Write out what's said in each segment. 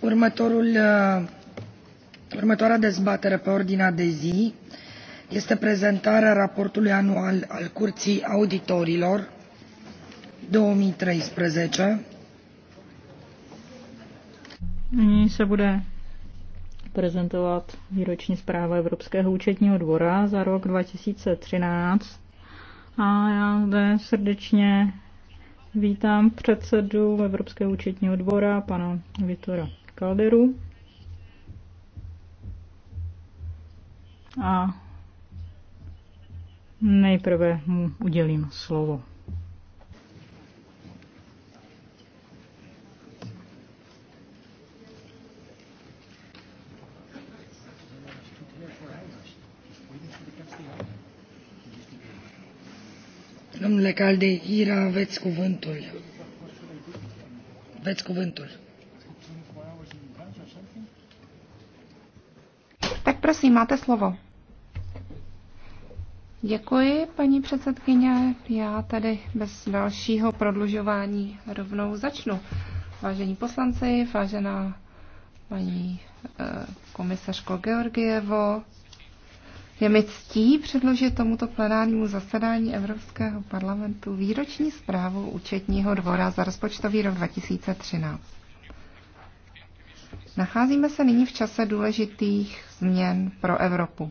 Uh, următoarea dezbatere pe ordinea de zi este prezentarea raportului anual al Curții Auditorilor două mii treisprezece Nyní se bude prezentovat výroční zpráva Evropského účetního dvora za rok 2013. A já zde srdečně vítám předsedu Evropského účetního dvora, pana Vitora Calderu. A nejprve mu udělím slovo. Domnule Caldeira, aveți cuvântul. Aveți cuvântul. Prosím, máte slovo. Děkuji, paní předsedkyně. Já tady bez dalšího prodlužování rovnou začnu. Vážení poslanci, vážená paní eh, komisařko Georgievo, je mi ctí předložit tomuto plenárnímu zasedání Evropského parlamentu výroční zprávu účetního dvora za rozpočtový rok 2013. Nacházíme se nyní v čase důležitých změn pro Evropu.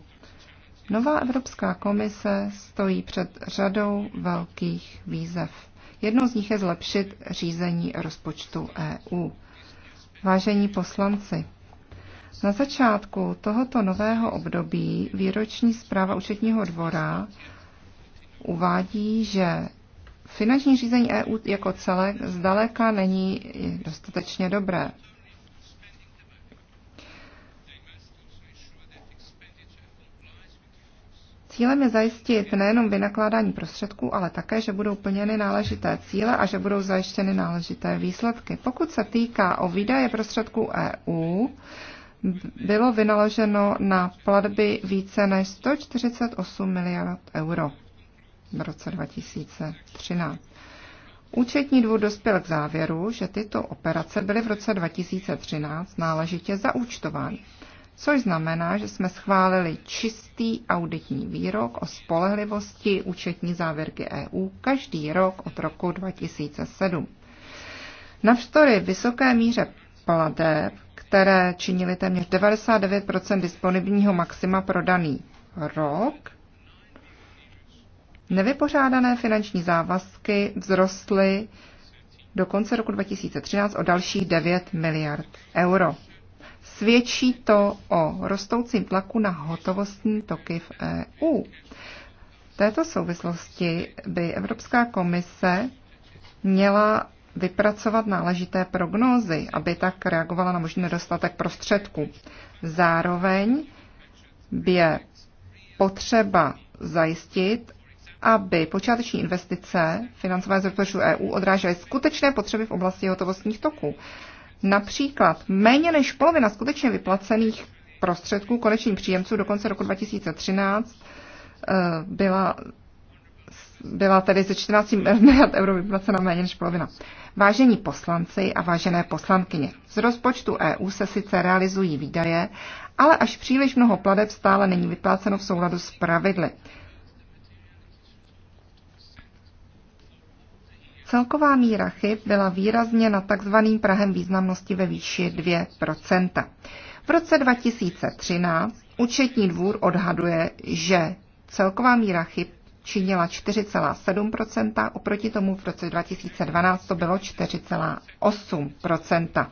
Nová Evropská komise stojí před řadou velkých výzev. Jednou z nich je zlepšit řízení rozpočtu EU. Vážení poslanci, na začátku tohoto nového období výroční zpráva účetního dvora uvádí, že finanční řízení EU jako celek zdaleka není dostatečně dobré. Cílem je zajistit nejenom vynakládání prostředků, ale také, že budou plněny náležité cíle a že budou zajištěny náležité výsledky. Pokud se týká o výdaje prostředků EU, bylo vynaloženo na platby více než 148 miliard euro v roce 2013. Účetní dvůr dospěl k závěru, že tyto operace byly v roce 2013 náležitě zaúčtovány což znamená, že jsme schválili čistý auditní výrok o spolehlivosti účetní závěrky EU každý rok od roku 2007. Navštory vysoké míře plateb, které činily téměř 99 disponibilního maxima pro daný rok, nevypořádané finanční závazky vzrostly do konce roku 2013 o dalších 9 miliard euro. Svědčí to o rostoucím tlaku na hotovostní toky v EU. V této souvislosti by Evropská komise měla vypracovat náležité prognózy, aby tak reagovala na možný nedostatek prostředků. Zároveň je potřeba zajistit, aby počáteční investice financované z rozpočtu EU odrážely skutečné potřeby v oblasti hotovostních toků. Například méně než polovina skutečně vyplacených prostředků konečným příjemců do konce roku 2013 eh, byla, byla tedy ze 14 miliard euro vyplacena méně než polovina. Vážení poslanci a vážené poslankyně, z rozpočtu EU se sice realizují výdaje, ale až příliš mnoho pladeb stále není vypláceno v souladu s pravidly. Celková míra chyb byla výrazně na tzv. Prahem významnosti ve výši 2 V roce 2013 účetní dvůr odhaduje, že celková míra chyb činila 4,7 oproti tomu v roce 2012 to bylo 4,8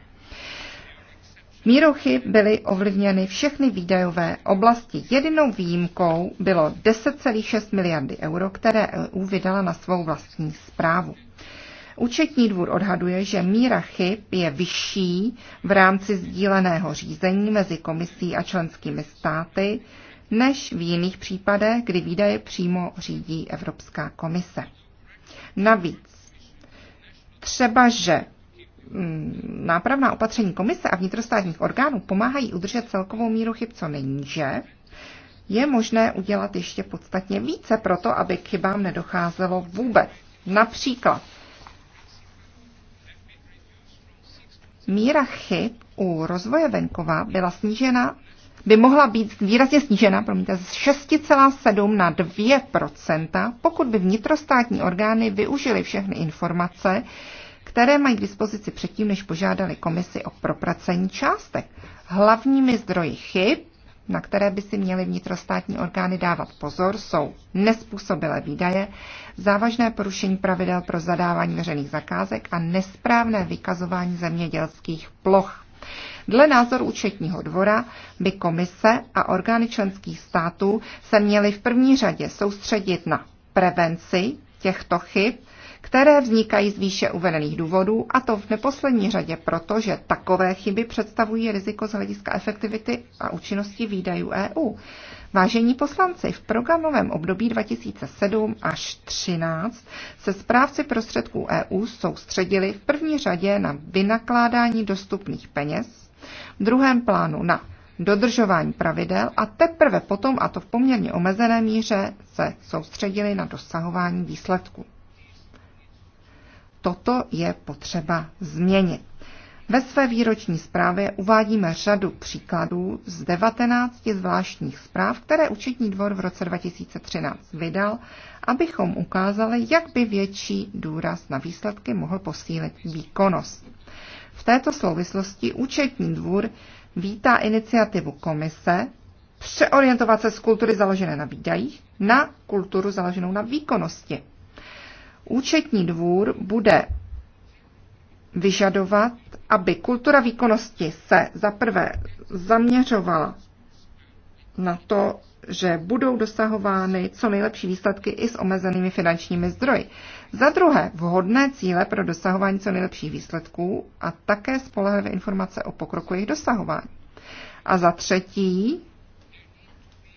Mírou chyb byly ovlivněny všechny výdajové oblasti. Jedinou výjimkou bylo 10,6 miliardy euro, které EU vydala na svou vlastní zprávu. Účetní dvůr odhaduje, že míra chyb je vyšší v rámci sdíleného řízení mezi komisí a členskými státy než v jiných případech, kdy výdaje přímo řídí Evropská komise. Navíc, třeba že mm, nápravná opatření komise a vnitrostátních orgánů pomáhají udržet celkovou míru chyb co nejníže, je možné udělat ještě podstatně více pro to, aby k chybám nedocházelo vůbec. Například míra chyb u rozvoje venkova byla snížena, by mohla být výrazně snížena promiňte, z 6,7 na 2 pokud by vnitrostátní orgány využily všechny informace, které mají k dispozici předtím, než požádali komisi o propracení částek. Hlavními zdroji chyb na které by si měly vnitrostátní orgány dávat pozor, jsou nespůsobilé výdaje, závažné porušení pravidel pro zadávání veřejných zakázek a nesprávné vykazování zemědělských ploch. Dle názoru účetního dvora by komise a orgány členských států se měly v první řadě soustředit na prevenci těchto chyb, které vznikají z výše uvedených důvodů, a to v neposlední řadě proto, že takové chyby představují riziko z hlediska efektivity a účinnosti výdajů EU. Vážení poslanci, v programovém období 2007 až 2013 se správci prostředků EU soustředili v první řadě na vynakládání dostupných peněz, v druhém plánu na dodržování pravidel a teprve potom, a to v poměrně omezené míře, se soustředili na dosahování výsledků toto je potřeba změnit. Ve své výroční zprávě uvádíme řadu příkladů z 19 zvláštních zpráv, které Účetní dvor v roce 2013 vydal, abychom ukázali, jak by větší důraz na výsledky mohl posílit výkonnost. V této souvislosti Účetní dvůr vítá iniciativu komise přeorientovat se z kultury založené na výdajích na kulturu založenou na výkonnosti. Účetní dvůr bude vyžadovat, aby kultura výkonnosti se zaprvé zaměřovala na to, že budou dosahovány co nejlepší výsledky i s omezenými finančními zdroji. Za druhé, vhodné cíle pro dosahování co nejlepších výsledků a také spolehlivé informace o pokroku jejich dosahování. A za třetí,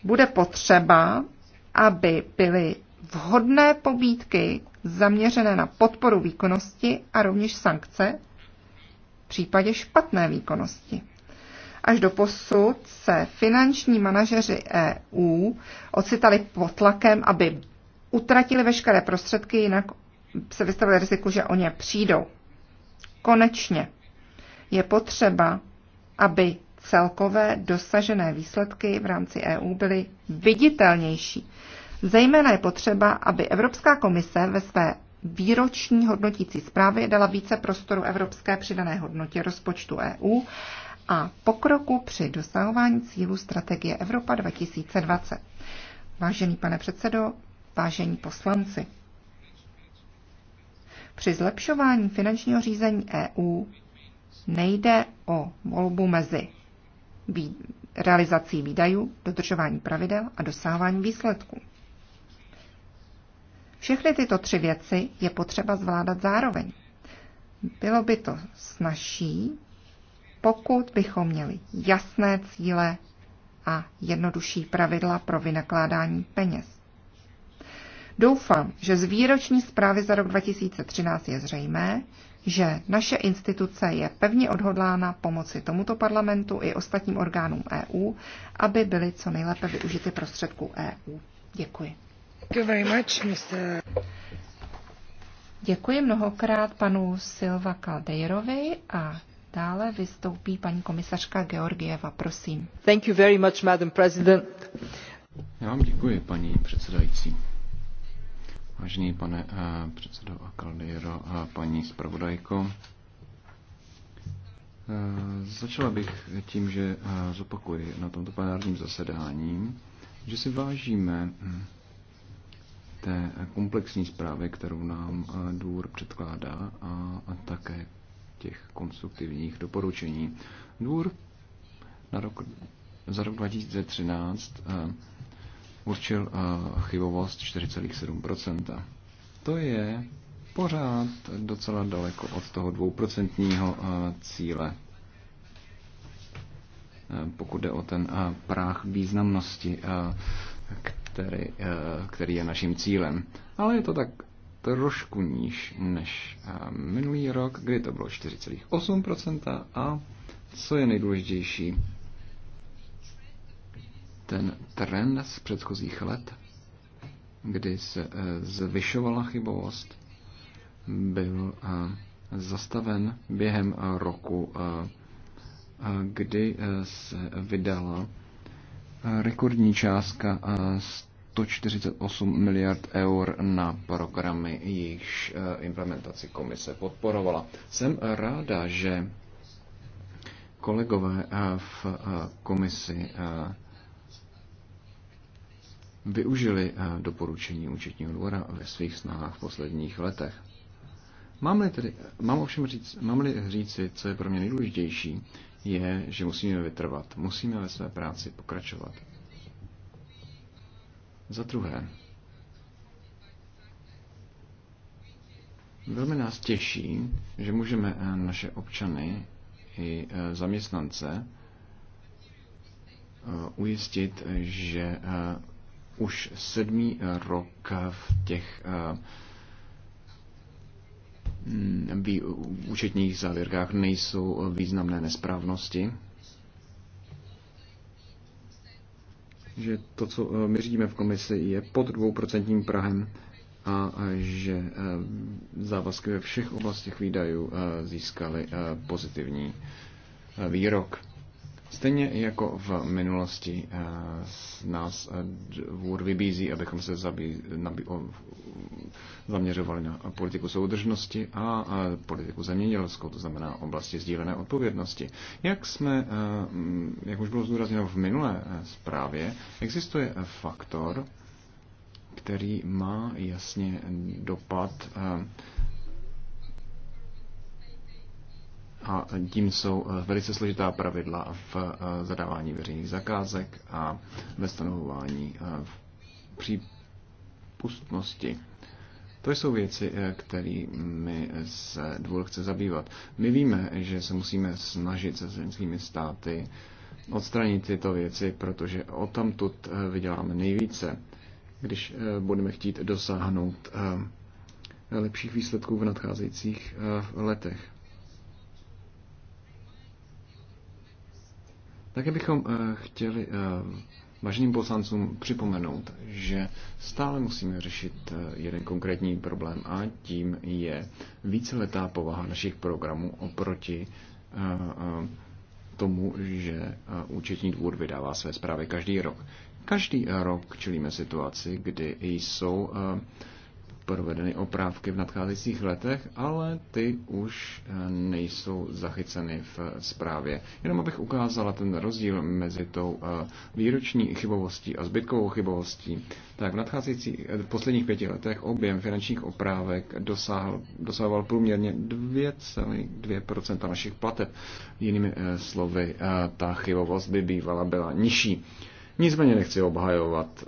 bude potřeba, aby byly vhodné pobídky zaměřené na podporu výkonnosti a rovněž sankce v případě špatné výkonnosti. Až do posud se finanční manažeři EU ocitali pod tlakem, aby utratili veškeré prostředky, jinak se vystavili riziku, že o ně přijdou. Konečně je potřeba, aby celkové dosažené výsledky v rámci EU byly viditelnější. Zejména je potřeba, aby Evropská komise ve své výroční hodnotící zprávě dala více prostoru evropské přidané hodnotě rozpočtu EU a pokroku při dosahování cílů strategie Evropa 2020. Vážený pane předsedo, vážení poslanci, při zlepšování finančního řízení EU nejde o volbu mezi realizací výdajů, dodržování pravidel a dosahování výsledků. Všechny tyto tři věci je potřeba zvládat zároveň. Bylo by to snažší, pokud bychom měli jasné cíle a jednodušší pravidla pro vynakládání peněz. Doufám, že z výroční zprávy za rok 2013 je zřejmé, že naše instituce je pevně odhodlána pomoci tomuto parlamentu i ostatním orgánům EU, aby byly co nejlépe využity prostředků EU. Děkuji. Děkuji mnohokrát panu Silva Caldeirovi a dále vystoupí paní komisařka Georgieva, prosím. Thank you very much, Madam President. Já vám děkuji, paní předsedající. Vážený pane uh, předsedo Caldeiro a paní zpravodajko, eh, Začala bych tím, že eh, zopakuji na tomto plenárním zasedání, že si vážíme hm, té komplexní zprávě, kterou nám eh, důr předkládá a, a také těch konstruktivních doporučení. Důr na rok, za rok 2013 eh, určil eh, chybovost 4,7%. To je pořád docela daleko od toho dvouprocentního cíle, pokud jde o ten práh významnosti, který, eh, který je naším cílem. Ale je to tak trošku níž než eh, minulý rok, kdy to bylo 4,8% a co je nejdůležitější, ten trend z předchozích let, kdy se eh, zvyšovala chybovost, byl zastaven během roku, kdy se vydala rekordní částka 148 eh, miliard eur na programy, jejichž eh, implementaci komise podporovala. Jsem ráda, že kolegové eh, v komisi využili doporučení účetního dvora ve svých snahách v posledních letech. Mám-li tedy, mám ovšem říct, mám-li říci, co je pro mě nejdůležitější, je, že musíme vytrvat, musíme ve své práci pokračovat. Za druhé, velmi nás těší, že můžeme eh, naše občany i eh, zaměstnance eh, ujistit, že už sedmý rok v těch Mm, v účetních závěrkách nejsou významné nesprávnosti. Že to, co eh, my řídíme v komisi, je pod dvouprocentním Prahem a že eh, závazky ve všech oblastech výdajů eh, získaly pozitivní výrok. Stejně jako v minulosti eh, nás eh, vůr vybízí, abychom se zabí, nabí, zaměřovali na politiku soudržnosti a eh, politiku zemědělskou, to znamená oblasti sdílené odpovědnosti. Jak jsme, jak už bylo zdůrazněno v minulé zprávě, existuje faktor, který má jasně dopad a tím jsou eh, velice složitá pravidla v eh, zadávání veřejných zakázek a ve stanovování eh, v přípustnosti. To jsou věci, kterými se dvůr chce zabývat. My víme, že se musíme snažit se zemskými státy odstranit tyto věci, protože o tamtud vyděláme nejvíce, když budeme chtít dosáhnout lepších výsledků v nadcházejících letech. Také bychom eh, chtěli eh, vážným poslancům připomenout, že stále musíme řešit eh, jeden konkrétní problém a tím je víceletá povaha našich programů oproti tomu, že účetní dvůr vydává své zprávy každý rok. Každý rok čelíme situaci, kdy jsou provedeny oprávky v nadcházejících letech, ale ty už eh, nejsou zachyceny v eh, zprávě. Jenom abych ukázala ten rozdíl mezi tou eh, výroční chybovostí a zbytkovou chybovostí, tak v, v posledních pěti letech objem finančních oprávek dosáhl, dosahoval průměrně 2,2 našich plateb. Jinými slovy, ta chybovost by bývala byla nižší. Nicméně nechci obhajovat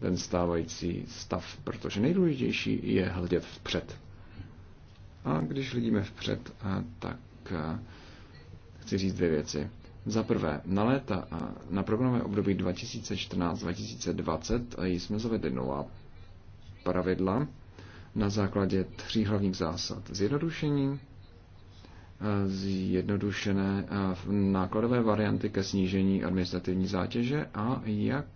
ten stávající stav, protože nejdůležitější je hledět vpřed. A když hledíme vpřed, tak chci říct dvě věci. Za prvé, na léta a na programové období 2014-2020 jsme zavedli nová pravidla na základě tří hlavních zásad. Zjednodušení, zjednodušené nákladové varianty ke snížení administrativní zátěže a jak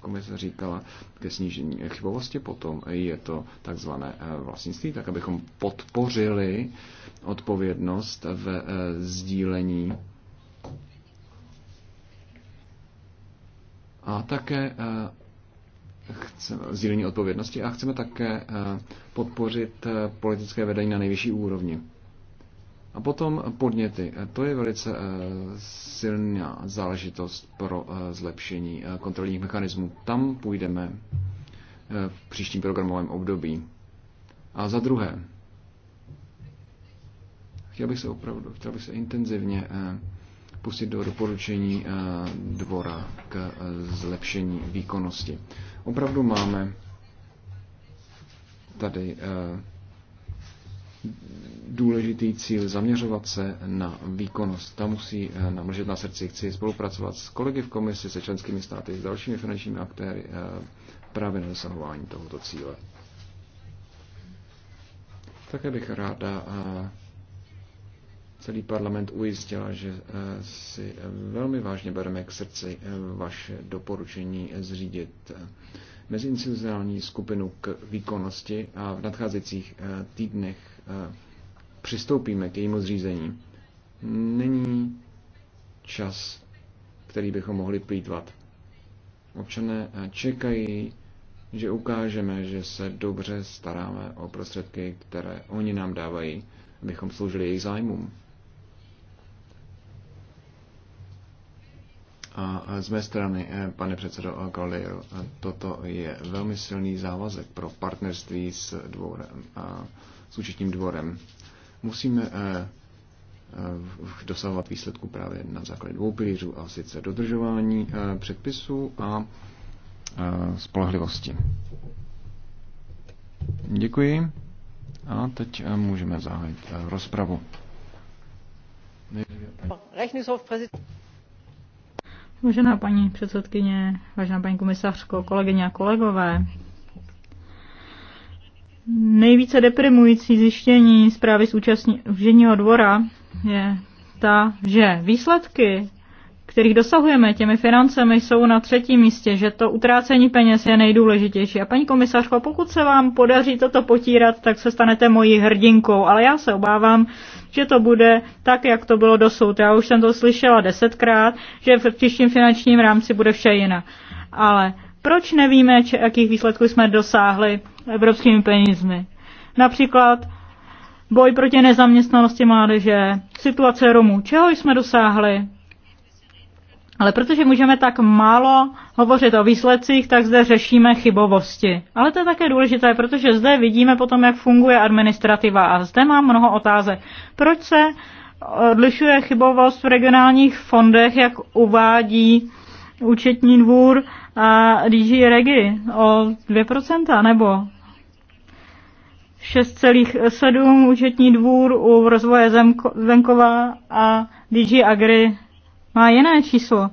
komise říkala, ke snížení chybovosti potom je to takzvané e, vlastnictví, tak abychom podpořili odpovědnost ve e, sdílení a také e, chceme, sdílení odpovědnosti a chceme také podpořit politické vedení na nejvyšší úrovni. A potom podněty. To je velice eh, silná záležitost pro eh, zlepšení eh, kontrolních mechanismů. Tam půjdeme v příštím programovém období. A za druhé, chtěl bych se opravdu, chtěl bych se intenzivně pustit do doporučení dvora k zlepšení výkonnosti. Opravdu máme tady důležitý cíl zaměřovat se na výkonnost. Ta musí eh, namlžet na srdci. Chci spolupracovat s kolegy v komisi, se členskými státy, s dalšími finančními aktéry eh, právě na dosahování tohoto cíle. Také bych ráda eh, celý parlament ujistila, že si velmi vážně bereme k srdci vaše doporučení zřídit meziinstitucionální skupinu k výkonnosti a v nadcházejících týdnech přistoupíme k jejímu zřízení, není čas, který bychom mohli plítvat. Občané čekají, že ukážeme, že se dobře staráme o prostředky, které oni nám dávají, abychom sloužili jejich zájmům. A z mé strany, pane předsedo Galliero, toto je velmi silný závazek pro partnerství s dvorem. A s účetním dvorem. Musíme eh, eh, dosahovat výsledku právě na základě dvou pilířů, a sice dodržování eh, předpisů a spolehlivosti. Děkuji. A teď můžeme zahájit rozpravu. Vážená paní předsedkyně, vážená paní komisařko, kolegyně a kolegové, Nejvíce deprimující zjištění zprávy z účastního dvora je ta, že výsledky, kterých dosahujeme těmi financemi, jsou na třetím místě, že to utrácení peněz je nejdůležitější. A paní komisařko, pokud se vám podaří toto potírat, tak se stanete mojí hrdinkou, ale já se obávám, že to bude tak, jak to bylo dosud. Já už jsem to slyšela desetkrát, že v příštím finančním rámci bude vše jinak. Ale proč nevíme, či, jakých výsledků jsme dosáhli evropskými penězmi? Například boj proti nezaměstnanosti mládeže, situace Romů. Čeho jsme dosáhli? Ale protože můžeme tak málo hovořit o výsledcích, tak zde řešíme chybovosti. Ale to je také důležité, protože zde vidíme potom, jak funguje administrativa. A zde mám mnoho otázek. Proč se odlišuje chybovost v regionálních fondech, jak uvádí účetní dvůr a rýží Regi o 2% nebo 6,7 účetní dvůr u rozvoje zemko, venkova a DG Agri má jiné číslo.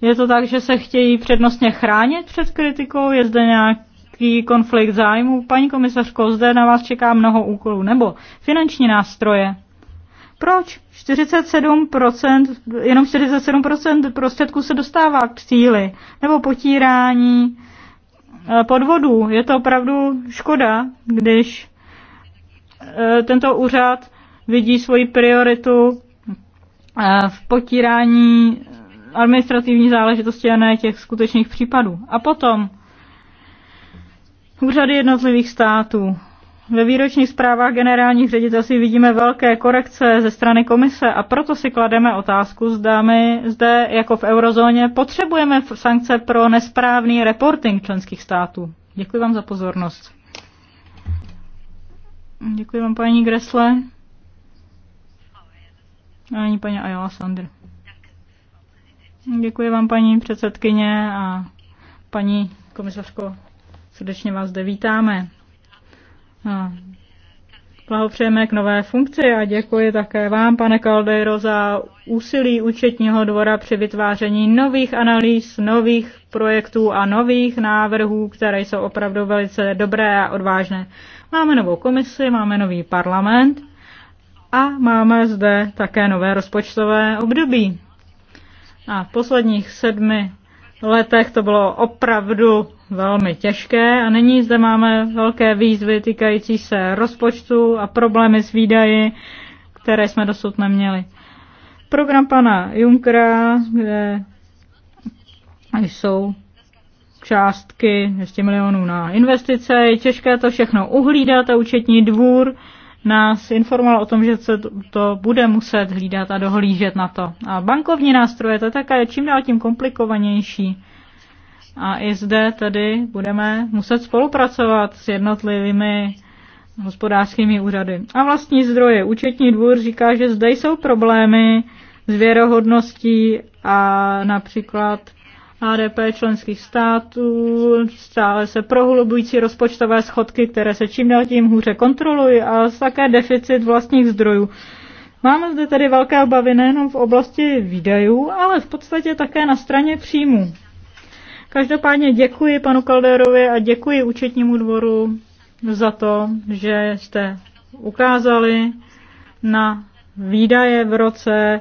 Je to tak, že se chtějí přednostně chránit před kritikou? Je zde nějaký konflikt zájmů? Paní komisařko, zde na vás čeká mnoho úkolů. Nebo finanční nástroje. Proč 47%, jenom 47% prostředků se dostává k cíli, nebo potírání eh, podvodů. Je to opravdu škoda, když eh, tento úřad vidí svoji prioritu eh, v potírání administrativní záležitosti a ne těch skutečných případů. A potom úřady jednotlivých států. Ve výročních zprávách generálních ředitelství vidíme velké korekce ze strany komise a proto si klademe otázku, zda my zde jako v eurozóně potřebujeme sankce pro nesprávný reporting členských států. Děkuji vám za pozornost. Děkuji vám paní Gresle. Ani paní Ayala Sandr. Děkuji vám paní předsedkyně a paní komisařko, srdečně vás zde vítáme blahopřejeme k nové funkci a děkuji také vám, pane Caldeiro, za úsilí účetního dvora při vytváření nových analýz, nových projektů a nových návrhů, které jsou opravdu velice dobré a odvážné. Máme novou komisi, máme nový parlament a máme zde také nové rozpočtové období. A v posledních sedmi letech to bylo opravdu velmi těžké a nyní zde máme velké výzvy týkající se rozpočtu a problémy s výdaji, které jsme dosud neměli. Program pana Junkera, kde jsou částky 200 milionů na investice, je těžké to všechno uhlídat a účetní dvůr nás informoval o tom, že se to bude muset hlídat a dohlížet na to. A bankovní nástroje, to je také čím dál tím komplikovanější a i zde tedy budeme muset spolupracovat s jednotlivými hospodářskými úřady. A vlastní zdroje. Účetní dvůr říká, že zde jsou problémy s věrohodností a například HDP členských států, stále se prohlubující rozpočtové schodky, které se čím dál tím hůře kontrolují a také deficit vlastních zdrojů. Máme zde tedy velké obavy nejenom v oblasti výdajů, ale v podstatě také na straně příjmů. Každopádně děkuji panu Kalderovi a děkuji účetnímu dvoru za to, že jste ukázali na výdaje v roce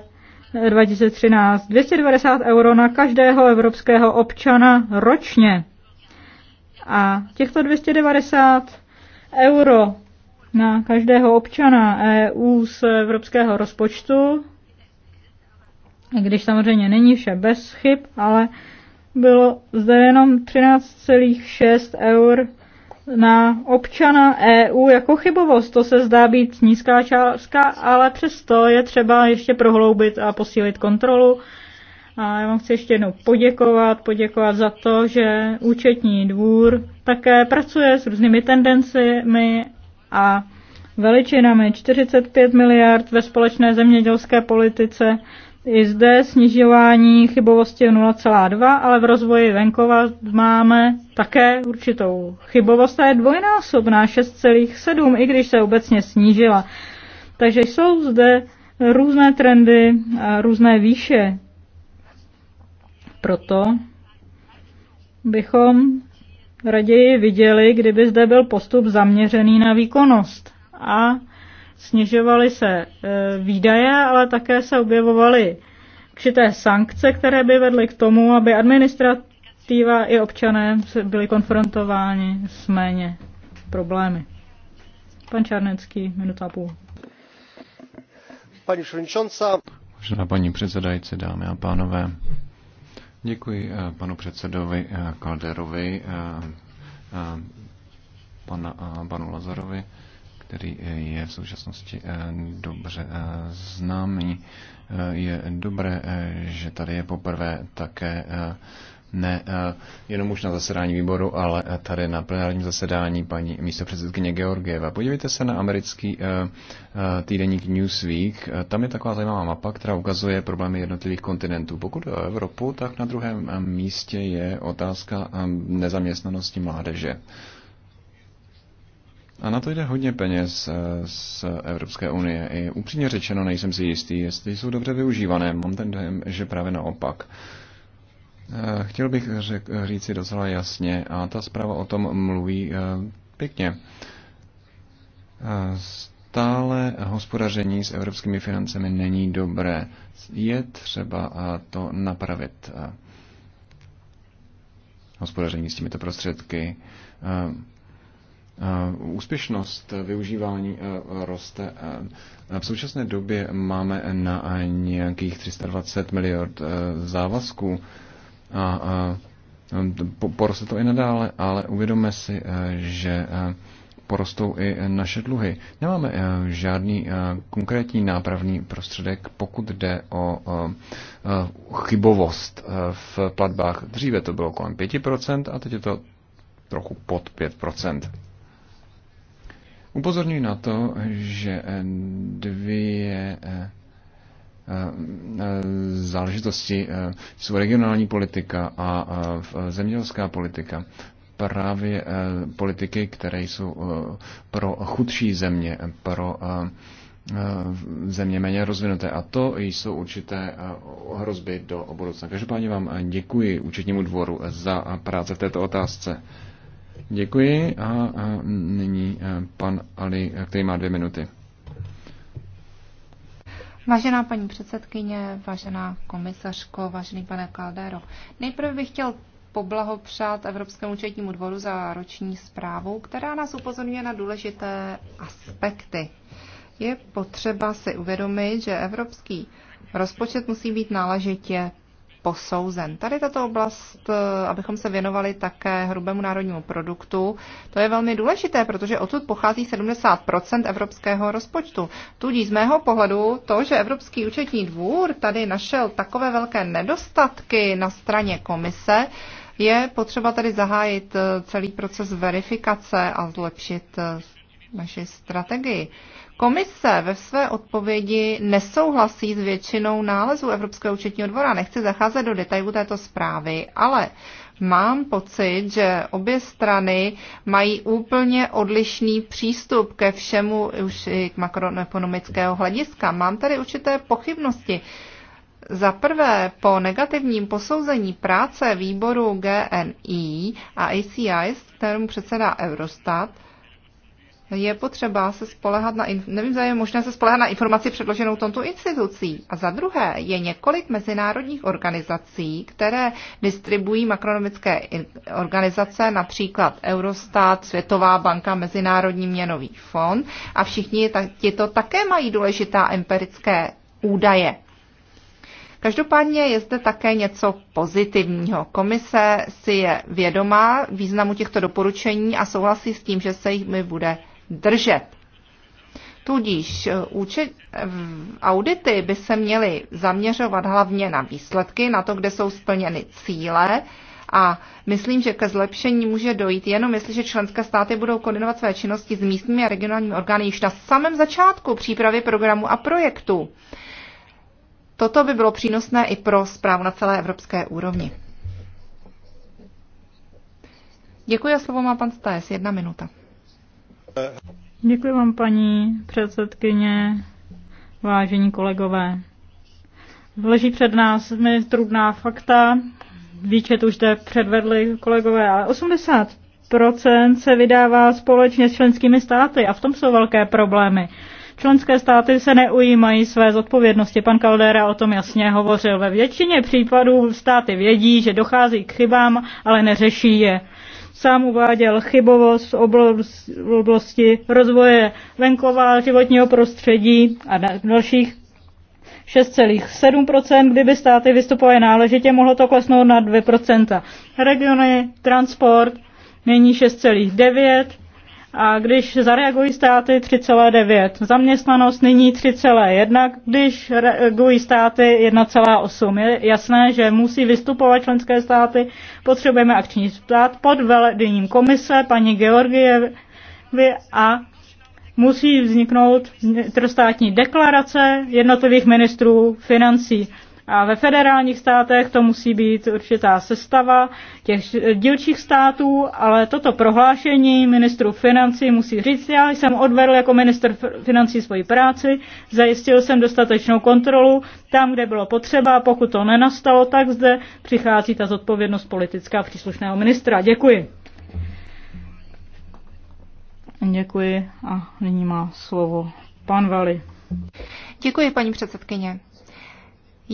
2013 290 euro na každého evropského občana ročně. A těchto 290 euro na každého občana EU z evropského rozpočtu, když samozřejmě není vše bez chyb, ale bylo zde jenom 13,6 eur na občana EU jako chybovost. To se zdá být nízká částka, ale přesto je třeba ještě prohloubit a posílit kontrolu. A já vám chci ještě jednou poděkovat, poděkovat za to, že účetní dvůr také pracuje s různými tendencemi a veličinami 45 miliard ve společné zemědělské politice i zde snižování chybovosti je 0,2, ale v rozvoji venkova máme také určitou chybovost a je dvojnásobná 6,7, i když se obecně snížila. Takže jsou zde různé trendy a různé výše. Proto bychom raději viděli, kdyby zde byl postup zaměřený na výkonnost a snižovaly se e, výdaje, ale také se objevovaly určité sankce, které by vedly k tomu, aby administrativa i občané byli konfrontováni s méně problémy. Pan Čarnecký, minuta půl. Pani předsedkyně. Vážená paní předsedající, dámy a pánové, děkuji e, panu předsedovi Kalderovi, e, panu Lazarovi který eh, je v současnosti eh, dobře eh, známý. Je dobré, že tady je poprvé také ne jenom už na zasedání výboru, ale tady na plenárním zasedání paní místopředsedkyně Georgieva. Podívejte se na americký týdeník Newsweek. Tam je taková zajímavá mapa, která ukazuje problémy jednotlivých kontinentů. Pokud o Evropu, tak na druhém místě je otázka nezaměstnanosti mládeže. A na to jde hodně peněz eh, z Evropské unie. I upřímně řečeno nejsem si jistý, jestli jsou dobře využívané. Mám ten dojem, že právě naopak. Eh, chtěl bych řek, říci docela jasně, a ta zpráva o tom mluví eh, pěkně. Stále hospodaření s evropskými financemi není dobré. Je třeba to napravit. Hospodaření s těmito prostředky Eh, úspěšnost využívání eh, roste. Eh, v současné době máme na nějakých 320 miliard závazků a poroste to i nadále, ale uvědomme si, že porostou i naše dluhy. Nemáme žádný konkrétní nápravný prostředek, pokud jde o chybovost v platbách. Dříve to bylo kolem 5% a teď je to trochu pod 5%. Upozorňuji na to, že eh, dvě eh, eh, záležitosti jsou regionální politika a zemědělská politika. Právě politiky, které jsou pro chudší země, pro země méně rozvinuté. A to jsou určité hrozby do budoucna. Každopádně vám děkuji účetnímu dvoru za práce v této otázce. Děkuji a, a nyní pan Ali, který má dvě minuty. Vážená paní předsedkyně, vážená komisařko, vážený pane Caldero, nejprve bych chtěl poblahopřát Evropskému účetnímu dvoru za roční zprávu, která nás upozorňuje na důležité aspekty. Je potřeba si uvědomit, že evropský rozpočet musí být náležitě posouzen. Tady tato oblast, eh, abychom se věnovali také hrubému národnímu produktu, to je velmi důležité, protože odsud pochází 70 evropského rozpočtu. Tudíž z mého pohledu to, že Evropský účetní dvůr tady našel takové velké nedostatky na straně komise, je potřeba tady zahájit eh, celý proces verifikace a zlepšit eh, naši strategii. Komise ve své odpovědi nesouhlasí s většinou nálezů Evropského účetního dvora. Nechci zacházet do detailů této zprávy, ale mám pocit, že obě strany mají úplně odlišný přístup ke všemu už i k makroekonomického hlediska. Mám tady určité pochybnosti. Za prvé, po negativním posouzení práce výboru GNI a ACI, kterému předsedá Eurostat, je potřeba se spolehat na, nevím, zda je možné se spolehat na informaci předloženou tomto institucí. A za druhé je několik mezinárodních organizací, které distribuují makronomické organizace, například Eurostat, Světová banka, Mezinárodní měnový fond a všichni tito také mají důležitá empirické údaje. Každopádně je zde také něco pozitivního. Komise si je vědomá významu těchto doporučení a souhlasí s tím, že se mi bude držet. Tudíž eh, účet, audity by se měly zaměřovat hlavně na výsledky, na to, kde jsou splněny cíle a myslím, že ke zlepšení může dojít jenom, jestliže členské státy budou koordinovat své činnosti s místními a regionálními orgány již na samém začátku přípravy programu a projektu. Toto by bylo přínosné i pro zprávu na celé evropské úrovni. Děkuji a slovo má pan Stajes. Jedna minuta. Děkuji vám, paní předsedkyně, vážení kolegové. Leží před nás mi trudná fakta, výčet už zde předvedli kolegové, ale 80% se vydává společně s členskými státy a v tom jsou velké problémy. Členské státy se neujímají své zodpovědnosti. Pan Caldera o tom jasně hovořil. Ve většině případů státy vědí, že dochází k chybám, ale neřeší je sám uváděl chybovost v oblasti rozvoje venkova, životního prostředí a dalších 6,7%, kdyby státy vystupovaly náležitě, mohlo to klesnout na 2%. Regiony, transport, nyní a když zareagují státy 3,9. Zaměstnanost nyní 3,1, když reagují státy 1,8. Je jasné, že musí vystupovat členské státy, potřebujeme akční stát pod vedením komise, paní Georgievy a musí vzniknout trostátní deklarace jednotlivých ministrů financí. A ve federálních státech to musí být určitá sestava těch dílčích států, ale toto prohlášení ministru financí musí říct, já jsem odvedl jako minister financí svoji práci, zajistil jsem dostatečnou kontrolu tam, kde bylo potřeba, pokud to nenastalo, tak zde přichází ta zodpovědnost politická příslušného ministra. Děkuji. Děkuji a nyní má slovo pan Vali. Děkuji, paní předsedkyně.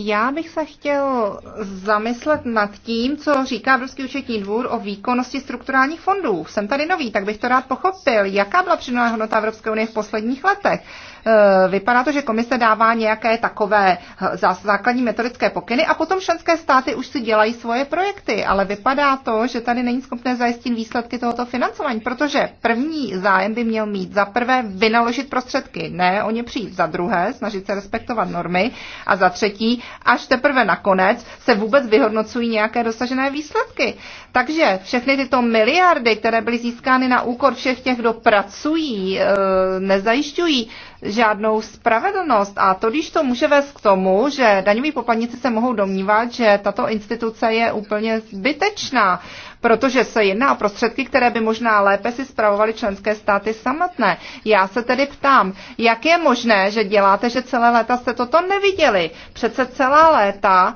Já bych se chtěl zamyslet nad tím, co říká Evropský účetní dvůr o výkonnosti strukturálních fondů. Jsem tady nový, tak bych to rád pochopil. Jaká byla přidaná hodnota Evropské unie v posledních letech? Eh, vypadá to, že komise dává nějaké takové eh, základní metodické pokyny a potom členské státy už si dělají svoje projekty, ale vypadá to, že tady není schopné zajistit výsledky tohoto financování, protože první zájem by měl mít za prvé vynaložit prostředky, ne o ně přijít, za druhé snažit se respektovat normy a za třetí až teprve nakonec se vůbec vyhodnocují nějaké dosažené výsledky. Takže všechny tyto miliardy, které byly získány na úkor všech těch, kdo pracují, eh, nezajišťují žádnou spravedlnost. A to, když to může vést k tomu, že daňoví poplatníci se mohou domnívat, že tato instituce je úplně zbytečná, protože se jedná o prostředky, které by možná lépe si zpravovaly členské státy samotné. Já se tedy ptám, jak je možné, že děláte, že celé léta jste toto neviděli? Přece celá léta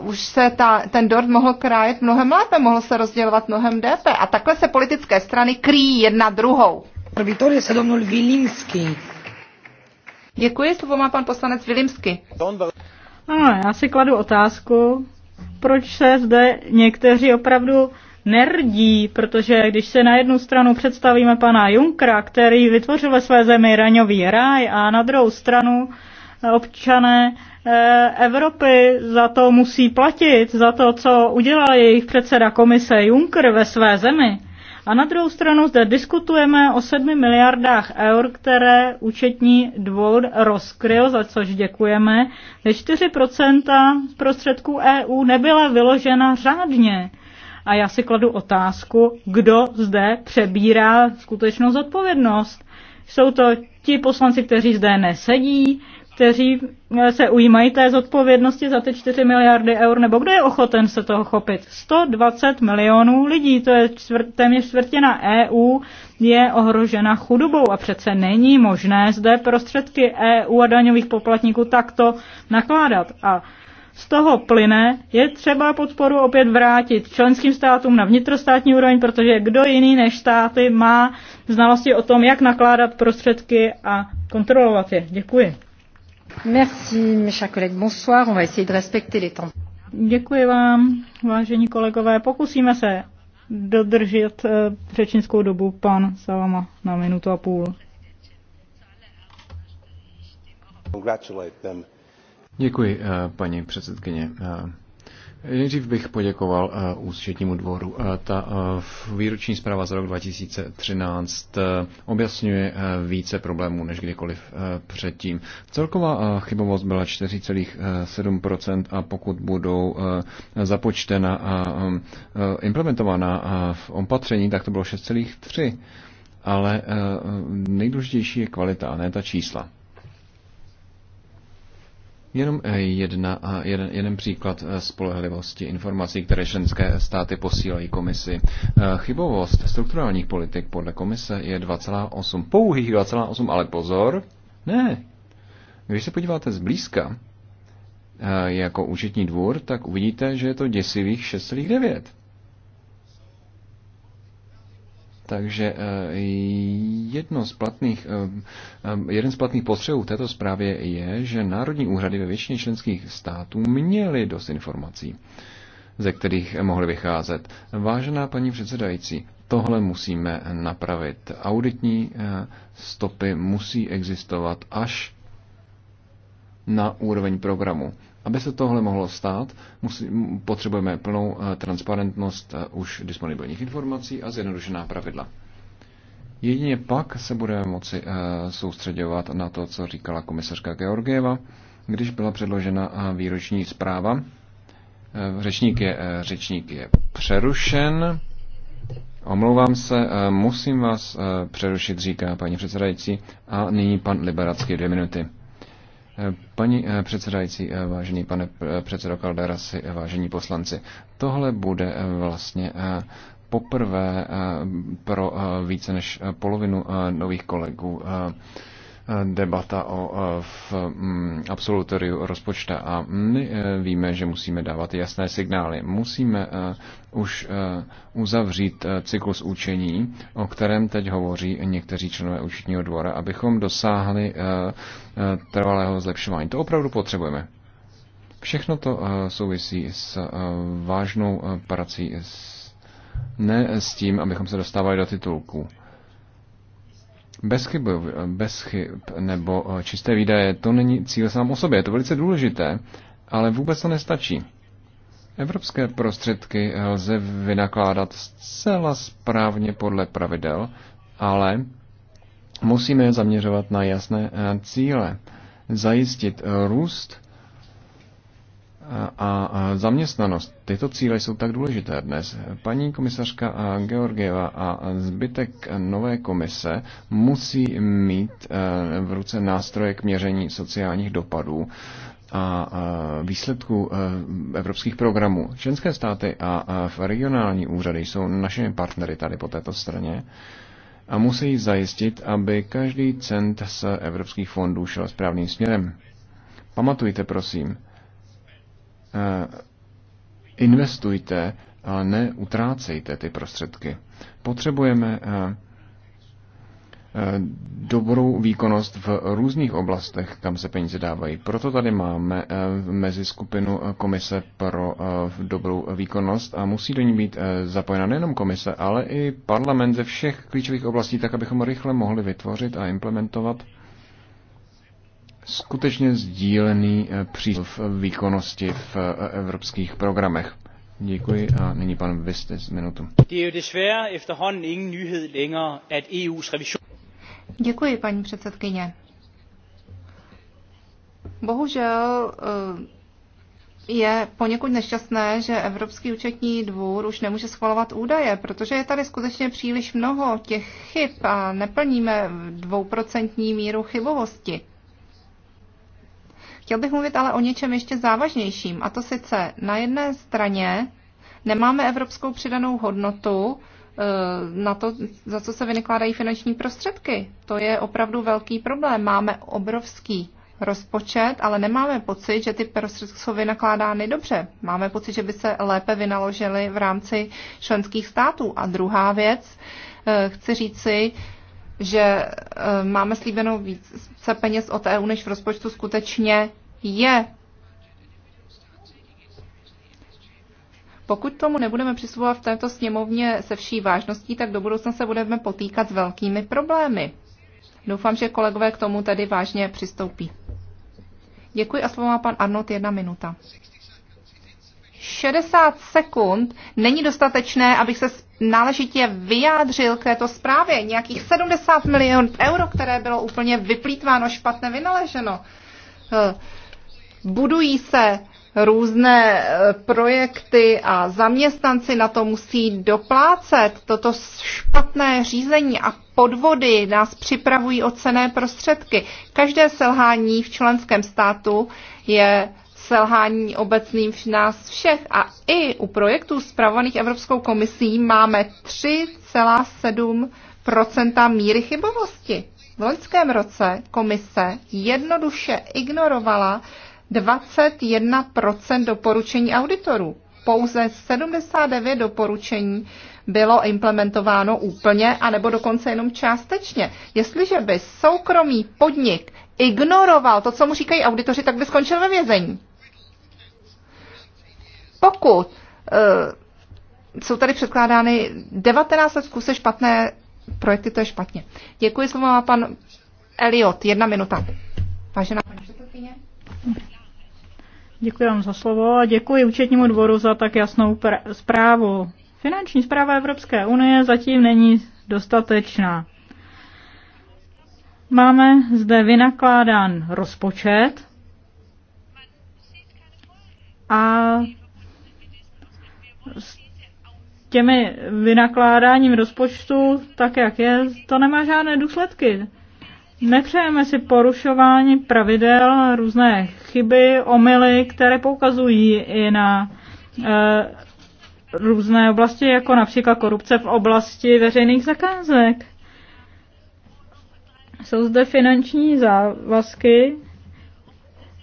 uh, už se ta, ten dort mohl krájet mnohem lépe, mohl se rozdělovat mnohem DP. A takhle se politické strany kryjí jedna druhou. Vitória se domnul Vilinský. Děkuji, slovo má pan poslanec Vilimsky. Ano, já si kladu otázku, proč se zde někteří opravdu nerdí, protože když se na jednu stranu představíme pana Junkra, který vytvořil ve své zemi raňový ráj a na druhou stranu eh, občané eh, Evropy za to musí platit, za to, co udělal jejich předseda komise Juncker ve své zemi, a na druhou stranu zde diskutujeme o 7 miliardách eur, které účetní dvůr rozkryl, za což děkujeme, že 4% z prostředků EU nebyla vyložena řádně. A já si kladu otázku, kdo zde přebírá skutečnou zodpovědnost. Jsou to ti poslanci, kteří zde nesedí, kteří eh, se ujímají té zodpovědnosti za ty 4 miliardy eur, nebo kdo je ochoten se toho chopit? 120 milionů lidí, to je čtvr, téměř čtvrtina EU, je ohrožena chudobou a přece není možné zde prostředky EU a daňových poplatníků takto nakládat. A z toho plyne, je třeba podporu opět vrátit členským státům na vnitrostátní úroveň, protože kdo jiný než státy má znalosti o tom, jak nakládat prostředky a kontrolovat je. Děkuji. Děkuji vám, vážení kolegové. Pokusíme se dodržet eh, řečnickou dobu pan Salama na minutu a půl. Děkuji, eh, paní předsedkyně. Eh, Nejdřív bych poděkoval eh, ústřednímu dvoru. Eh, ta eh, výroční zpráva za rok 2013 objasňuje více problémů než kdykoliv předtím. Celková chybovost byla 4,7% a pokud budou započtena a implementována v opatření, tak to bylo 6,3%. Ale nejdůležitější je kvalita, ne ta čísla. Jenom eh, jedna, jeden, jeden příklad eh, spolehlivosti informací, které členské státy posílají komisi. Eh, chybovost strukturálních politik podle komise je 2,8. Pouhých 2,8, ale pozor, ne. Když se podíváte zblízka, jako účetní dvůr, tak uvidíte, že je to děsivých 6,9. Takže eh, jedno z platných, eh, eh, jeden z platných potřebů této zprávě je, že národní úřady ve většině členských států měly dost informací, ze kterých mohly vycházet. Vážená paní předsedající, tohle musíme napravit. Auditní stopy musí existovat až na úroveň programu. Aby se tohle mohlo stát, musí, potřebujeme plnou eh, transparentnost eh, už disponibilních informací a zjednodušená pravidla. Jedině pak se budeme moci eh, soustředovat na to, co říkala komisařka Georgieva, když byla předložena výroční zpráva. Řečník je, řečník je přerušen. Omlouvám se, musím vás přerušit, říká paní předsedající. A nyní pan Liberacký dvě minuty. Paní eh, předsedající, eh, vážený pane eh, předsedo Kalderasi, vážení poslanci, tohle bude vlastně poprvé pro více než polovinu nových kolegů debata o e, v mm, absolutoriu rozpočta a my e, víme, že musíme dávat jasné signály. Musíme e, už uzavřít cyklus učení, o kterém teď hovoří někteří členové učitního dvora, abychom dosáhli trvalého zlepšování. To opravdu potřebujeme. Všechno to souvisí s vážnou prací, ne s tím, abychom se dostávali do titulků bez chyb, bez chyb nebo eh, čisté výdaje, to není cíl sám o sobě. Je to velice důležité, ale vůbec to nestačí. Evropské prostředky lze vynakládat zcela správně podle pravidel, ale musíme je zaměřovat na jasné eh, cíle. Zajistit růst a zaměstnanost. Tyto cíle jsou tak důležité dnes. Paní komisařka Georgieva a zbytek nové komise musí mít e, v ruce nástroje k měření sociálních dopadů a výsledků e, evropských programů. Členské státy a regionální úřady jsou našimi partnery tady po této straně a musí zajistit, aby každý cent z evropských fondů šel správným směrem. Pamatujte prosím, Eh, investujte, ale neutrácejte ty prostředky. Potřebujeme eh, eh, dobrou výkonnost v různých oblastech, kam se peníze dávají. Proto tady máme mezi skupinu Komise pro dobrou výkonnost a musí do ní být zapojena nejenom komise, ale i parlament ze všech klíčových oblastí, tak abychom rychle mohli vytvořit a implementovat skutečně sdílený eh, přístup v výkonnosti v eh, evropských programech. Děkuji a nyní pan z minutu. Er e Děkuji, paní předsedkyně. Bohužel eh, je poněkud nešťastné, že Evropský účetní dvůr už nemůže schvalovat údaje, protože je tady skutečně příliš mnoho těch chyb a neplníme dvouprocentní míru chybovosti. Chtěl bych mluvit ale o něčem ještě závažnějším, a to sice na jedné straně nemáme evropskou přidanou hodnotu eh, na to, za co se vynakládají finanční prostředky. To je opravdu velký problém. Máme obrovský rozpočet, ale nemáme pocit, že ty prostředky jsou vynakládány dobře. Máme pocit, že by se lépe vynaložily v rámci členských států. A druhá věc, eh, chci říci, že eh, máme slíbenou více peněz od EU, než v rozpočtu skutečně je. Pokud tomu nebudeme přistupovat v této sněmovně se vší vážností, tak do budoucna se budeme potýkat s velkými problémy. Doufám, že kolegové k tomu tedy vážně přistoupí. Děkuji a slovo má pan Arnold jedna minuta. 60 sekund není dostatečné, abych se náležitě vyjádřil k této zprávě. Nějakých 70 milionů euro, které bylo úplně vyplýtváno, špatně vynaleženo. Eh, budují se různé eh, projekty a zaměstnanci na to musí doplácet. Toto špatné řízení a podvody nás připravují o cené prostředky. Každé selhání v členském státu je selhání obecným v nás všech. A i u projektů zpravovaných Evropskou komisí máme 3,7 míry chybovosti. V loňském roce komise jednoduše ignorovala 21 doporučení auditorů. Pouze 79 doporučení bylo implementováno úplně, anebo dokonce jenom částečně. Jestliže by soukromý podnik ignoroval to, co mu říkají auditoři, tak by skončil ve vězení. Pokud uh, jsou tady předkládány 19 let kuse špatné projekty, to je špatně. Děkuji, slovo má pan Eliot. Jedna minuta. Vážená paní předsedkyně. Děkuji vám za slovo a děkuji účetnímu dvoru za tak jasnou zprávu. Finanční zpráva Evropské unie zatím není dostatečná. Máme zde vynakládán rozpočet a s těmi vynakládáním rozpočtu, tak jak je, to nemá žádné důsledky. Nepřejeme si porušování pravidel, různé chyby, omily, které poukazují i na e, různé oblasti, jako například korupce v oblasti veřejných zakázek. Jsou zde finanční závazky,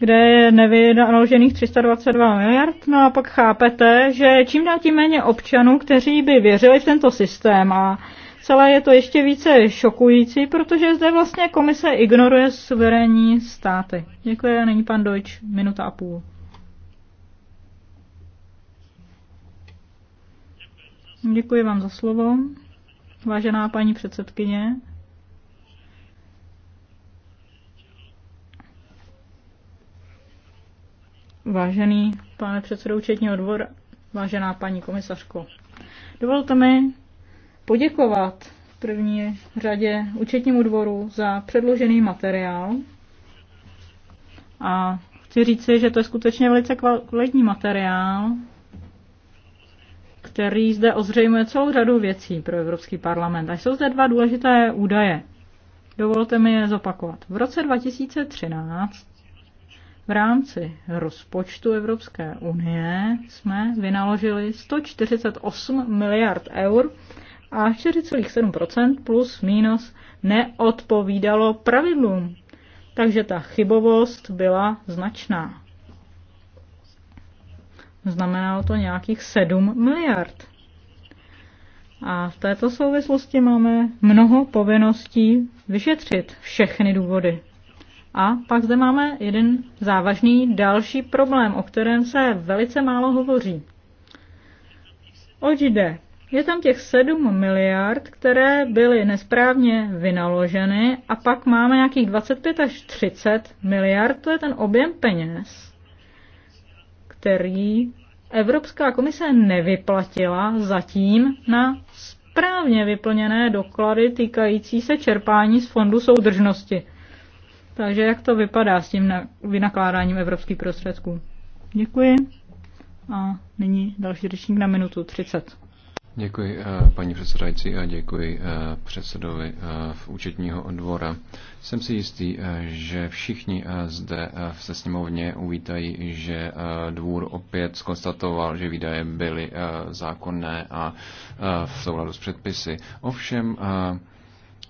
kde je nevynaložených 322 miliard. No a pak chápete, že čím dál tím méně občanů, kteří by věřili v tento systém a celé je to ještě více šokující, protože zde vlastně komise ignoruje suverénní státy. Děkuji, a není pan Deutsch, minuta a půl. Děkuji vám za slovo, vážená paní předsedkyně. Vážený pane předsedou účetního dvora, vážená paní komisařko, dovolte mi poděkovat v první řadě účetnímu dvoru za předložený materiál. A chci říci, že to je skutečně velice kvalitní materiál, který zde ozřejmuje celou řadu věcí pro Evropský parlament. A jsou zde dva důležité údaje. Dovolte mi je zopakovat. V roce 2013 v rámci rozpočtu Evropské unie jsme vynaložili 148 miliard eur a 4,7% plus minus neodpovídalo pravidlům. Takže ta chybovost byla značná. Znamenalo to nějakých 7 miliard. A v této souvislosti máme mnoho povinností vyšetřit všechny důvody a pak zde máme jeden závažný další problém, o kterém se velice málo hovoří. Oč jde? Je tam těch 7 miliard, které byly nesprávně vynaloženy a pak máme nějakých 25 až 30 miliard, to je ten objem peněz, který Evropská komise nevyplatila zatím na správně vyplněné doklady týkající se čerpání z fondu soudržnosti. Takže jak to vypadá s tím vynakládáním evropských prostředků? Děkuji. A nyní další řečník na minutu 30. Děkuji eh, paní předsedající a děkuji eh, předsedovi eh, v účetního odvora. Jsem si jistý, že všichni zde v sněmovně uvítají, že dvůr opět skonstatoval, že výdaje byly zákonné a v souladu s předpisy. Ovšem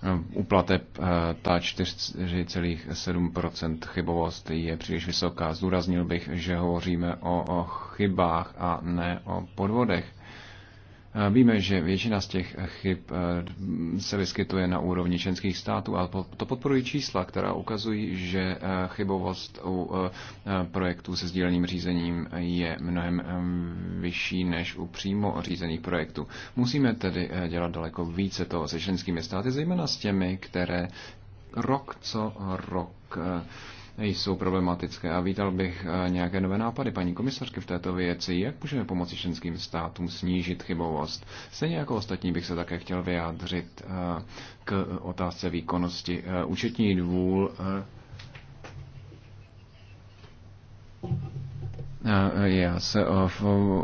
Eh, u plateb eh, ta 4,7% chybovost je příliš vysoká. Zdůraznil bych, že hovoříme o, o chybách a ne o podvodech. Eh, víme, že většina z těch chyb eh, se vyskytuje na úrovni členských států, ale to podporují čísla, která ukazují, že eh, chybovost u projektů se sdíleným řízením je mnohem vyšší než u přímo řízených projektů. Musíme tedy dělat daleko více toho se členskými státy, zejména s těmi, které rok co rok jsou problematické a vítal bych eh, nějaké nové nápady paní komisařky v této věci, jak můžeme pomoci členským státům snížit chybovost. Stejně jako ostatní bych se také chtěl vyjádřit eh, k otázce výkonnosti. Eh, účetní dvůl Já se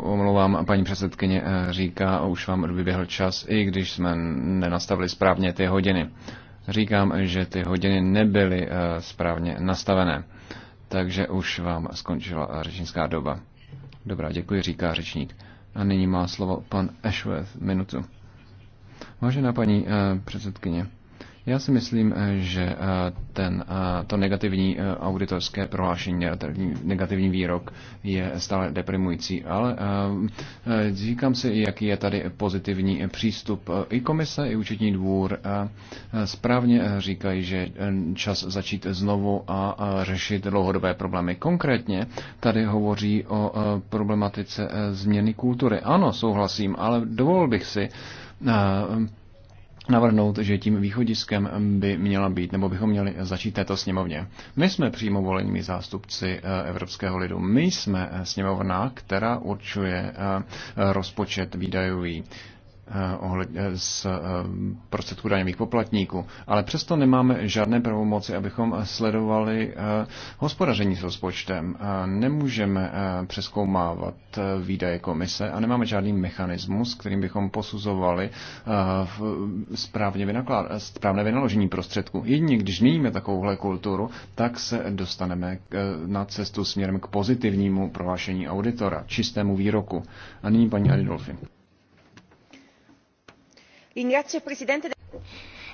omlouvám, paní předsedkyně říká, už vám vyběhl čas, i když jsme nenastavili správně ty hodiny říkám, že ty hodiny nebyly eh, správně nastavené. Takže už vám skončila eh, řečnická doba. Dobrá, děkuji, říká řečník. A nyní má slovo pan Ashworth, minutu. Vážená paní eh, předsedkyně, já si myslím, eh, že eh, ten, eh, to negativní auditorské prohlášení, negativní výrok je stále deprimující, ale říkám si, jaký je tady pozitivní přístup. I komise, i účetní dvůr správně říkají, že čas začít znovu a řešit dlouhodobé problémy. Konkrétně tady hovoří o problematice změny kultury. Ano, souhlasím, ale dovolil bych si navrhnout, že tím východiskem by měla být, nebo bychom měli začít této sněmovně. My jsme přímo volenými zástupci eh, Evropského lidu. My jsme eh, sněmovna, která určuje eh, rozpočet výdajový. Eh, eh, z eh, prostředků daňových poplatníků. Ale přesto nemáme žádné pravomoci, abychom sledovali hospodaření s rozpočtem. Nemůžeme přeskoumávat výdaje komise a nemáme žádný mechanismus, kterým bychom posuzovali správně vynaklád, správné vynaložení prostředků. Jedině když měníme takovouhle kulturu, tak se dostaneme na cestu směrem k pozitivnímu prohlášení auditora, čistému výroku. A nyní paní Adolfi.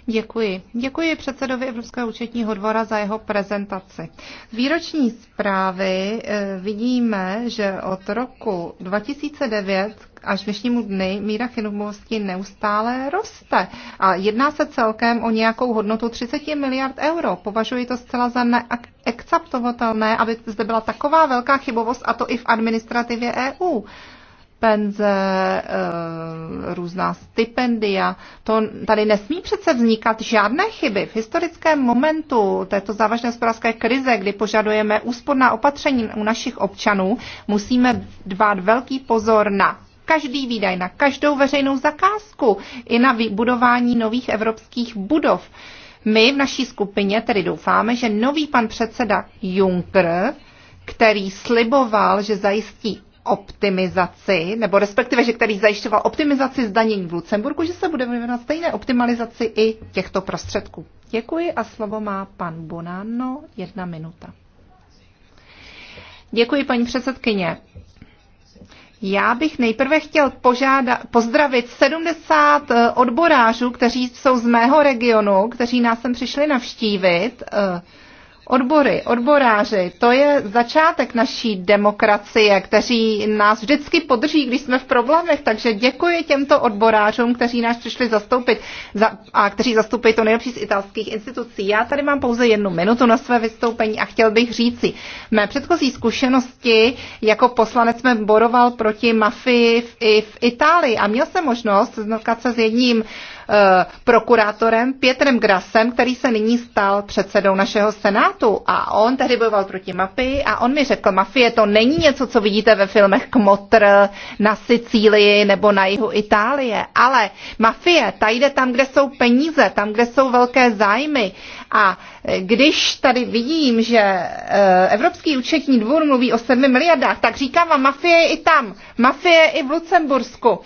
Děkuji. Děkuji předsedovi Evropského účetního dvora za jeho prezentaci. Z výroční zprávy eh, vidíme, že od roku 2009 až dnešnímu dny míra chybovosti neustále roste. A jedná se celkem o nějakou hodnotu 30 miliard euro. Považuji to zcela za neakceptovatelné, aby zde byla taková velká chybovost, a to i v administrativě EU penze, eh, různá stipendia. To tady nesmí přece vznikat žádné chyby. V historickém momentu této závažné hospodářské krize, kdy požadujeme úsporná opatření u našich občanů, musíme dbát velký pozor na každý výdaj, na každou veřejnou zakázku i na vybudování nových evropských budov. My v naší skupině tedy doufáme, že nový pan předseda Juncker, který sliboval, že zajistí optimizaci, nebo respektive, že který zajišťoval optimizaci zdanění v Lucemburku, že se bude věnovat stejné optimalizaci i těchto prostředků. Děkuji a slovo má pan Bonanno, jedna minuta. Děkuji, paní předsedkyně. Já bych nejprve chtěl požáda, pozdravit 70 eh, odborářů, kteří jsou z mého regionu, kteří nás sem přišli navštívit. Uh, Odbory, odboráři, to je začátek naší demokracie, kteří nás vždycky podrží, když jsme v problémech, takže děkuji těmto odborářům, kteří nás přišli zastoupit za, a kteří zastupují to nejlepší z italských institucí. Já tady mám pouze jednu minutu na své vystoupení a chtěl bych říci, mé předchozí zkušenosti jako poslanec jsme boroval proti mafii v, i v Itálii a měl jsem možnost znotkat se s jedním uh, Eh, prokurátorem Pětrem Grasem, který se nyní stal předsedou našeho senátu. A on tehdy bojoval proti mafii a on mi řekl, mafie to není něco, co vidíte ve filmech Kmotr na Sicílii nebo na jihu Itálie, ale mafie, ta jde tam, kde jsou peníze, tam, kde jsou velké zájmy. A když tady vidím, že eh, Evropský účetní dvůr mluví o 7 miliardách, tak říkám vám, mafie je i tam, mafie je i v Lucembursku.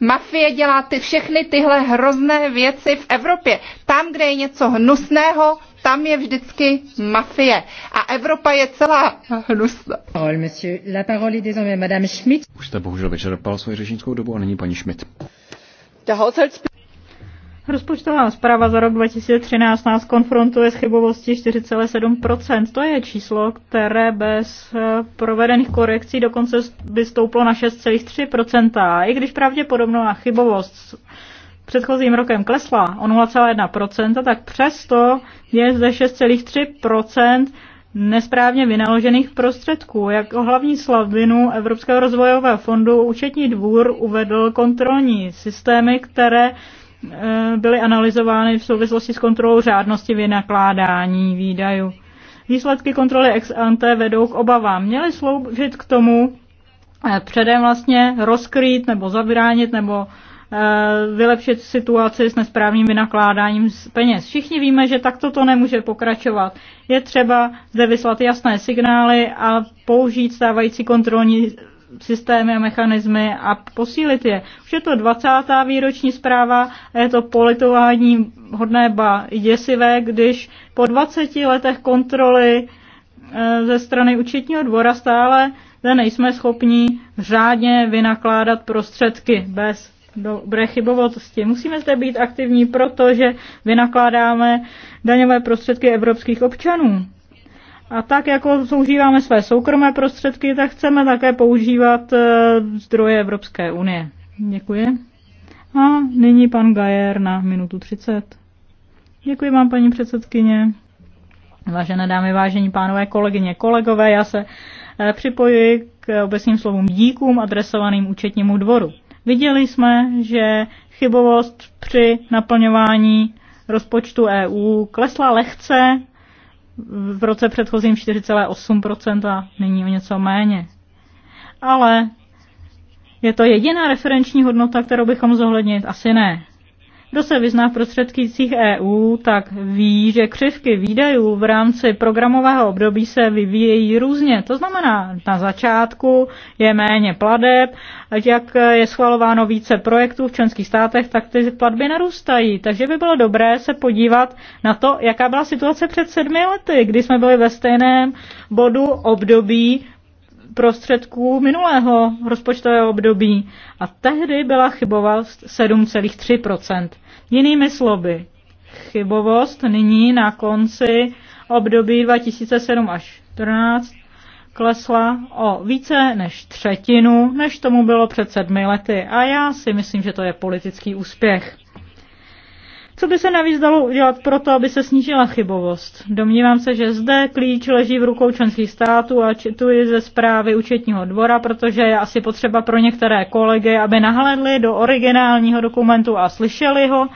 Mafie dělá ty, všechny tyhle hrozné věci v Evropě. Tam, kde je něco hnusného, tam je vždycky mafie. A Evropa je celá hnusná. Už jste bohužel vyčerpal svoji řečnickou dobu a není paní Schmidt. Rozpočtová zpráva za rok 2013 nás konfrontuje s chybovostí 4,7%. To je číslo, které bez eh, provedených korekcí dokonce by stouplo na 6,3%. I když pravděpodobná chybovost předchozím rokem klesla o 0,1%, tak přesto je zde 6,3% nesprávně vynaložených prostředků. Jak o hlavní slabinu Evropského rozvojového fondu účetní dvůr uvedl kontrolní systémy, které Eh, byly analyzovány v souvislosti s kontrolou řádnosti vynakládání výdajů. Výsledky kontroly ex ante vedou k obavám. Měly sloužit k tomu eh, předem vlastně rozkrýt nebo zabránit nebo eh, vylepšit situaci s nesprávným vynakládáním peněz. Všichni víme, že takto to nemůže pokračovat. Je třeba zde vyslat jasné signály a použít stávající kontrolní systémy a mechanismy a posílit je. Už je to 20. výroční zpráva a je to politování hodné ba děsivé, když po 20 letech kontroly eh, ze strany účetního dvora stále zde nejsme schopni řádně vynakládat prostředky bez dobré chybovosti. Musíme zde být aktivní, protože vynakládáme daňové prostředky evropských občanů. A tak, jako používáme své soukromé prostředky, tak chceme také používat eh, zdroje Evropské unie. Děkuji. A nyní pan Gajer na minutu 30. Děkuji vám, paní předsedkyně. Vážené dámy, vážení pánové, kolegyně, kolegové, já se eh, připojuji k obecným slovům díkům adresovaným účetnímu dvoru. Viděli jsme, že chybovost při naplňování rozpočtu EU klesla lehce v roce předchozím 4,8% a nyní o něco méně. Ale je to jediná referenční hodnota, kterou bychom zohlednit? Asi ne. Kdo se vyzná v prostředkících EU, tak ví, že křivky výdajů v rámci programového období se vyvíjejí různě. To znamená, na začátku je méně pladeb, ať jak je schvalováno více projektů v členských státech, tak ty platby narůstají. Takže by bylo dobré se podívat na to, jaká byla situace před sedmi lety, kdy jsme byli ve stejném bodu období prostředků minulého rozpočtového období a tehdy byla chybovost 7,3 Jinými slovy, chybovost nyní na konci období 2007 až 2014 klesla o více než třetinu, než tomu bylo před sedmi lety. A já si myslím, že to je politický úspěch. Co by se navíc dalo udělat pro to, aby se snížila chybovost? Domnívám se, že zde klíč leží v rukou členských států a čituji ze zprávy účetního dvora, protože je asi potřeba pro některé kolegy, aby nahlédli do originálního dokumentu a slyšeli ho.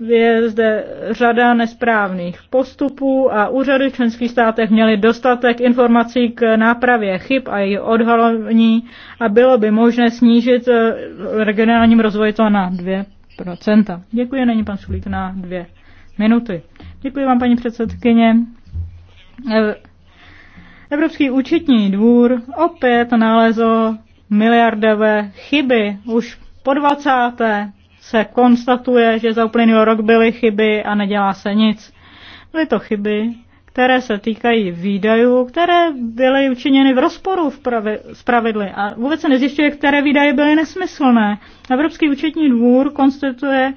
Je zde řada nesprávných postupů a úřady v členských státech měly dostatek informací k nápravě chyb a jejich odhalení a bylo by možné snížit eh, regionálním rozvoji to na Děkuji, není pan Šulík na dvě minuty. Děkuji vám, paní předsedkyně. E, Evropský účetní dvůr opět nalezl miliardové chyby. Už po 20. se konstatuje, že za uplynulý rok byly chyby a nedělá se nic. Byly to chyby, které se týkají výdajů, které byly učiněny v rozporu v pravi, s pravidly a vůbec se nezjišťuje, které výdaje byly nesmyslné. Evropský účetní dvůr konstatuje,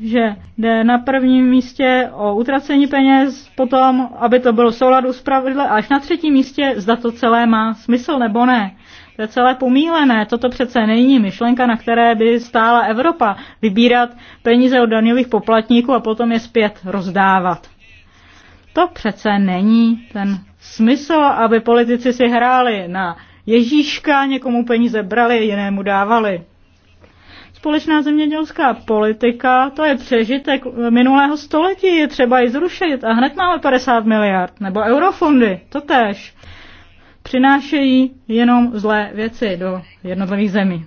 že jde na prvním místě o utracení peněz, potom, aby to bylo souladu s pravidly, až na třetím místě, zda to celé má smysl nebo ne. To je celé pomílené. Toto přece není myšlenka, na které by stála Evropa. Vybírat peníze od daňových poplatníků a potom je zpět rozdávat. To přece není ten smysl, aby politici si hráli na Ježíška, někomu peníze brali, jinému dávali. Společná zemědělská politika, to je přežitek minulého století, je třeba ji zrušit a hned máme 50 miliard, nebo eurofondy, to tež. Přinášejí jenom zlé věci do jednotlivých zemí.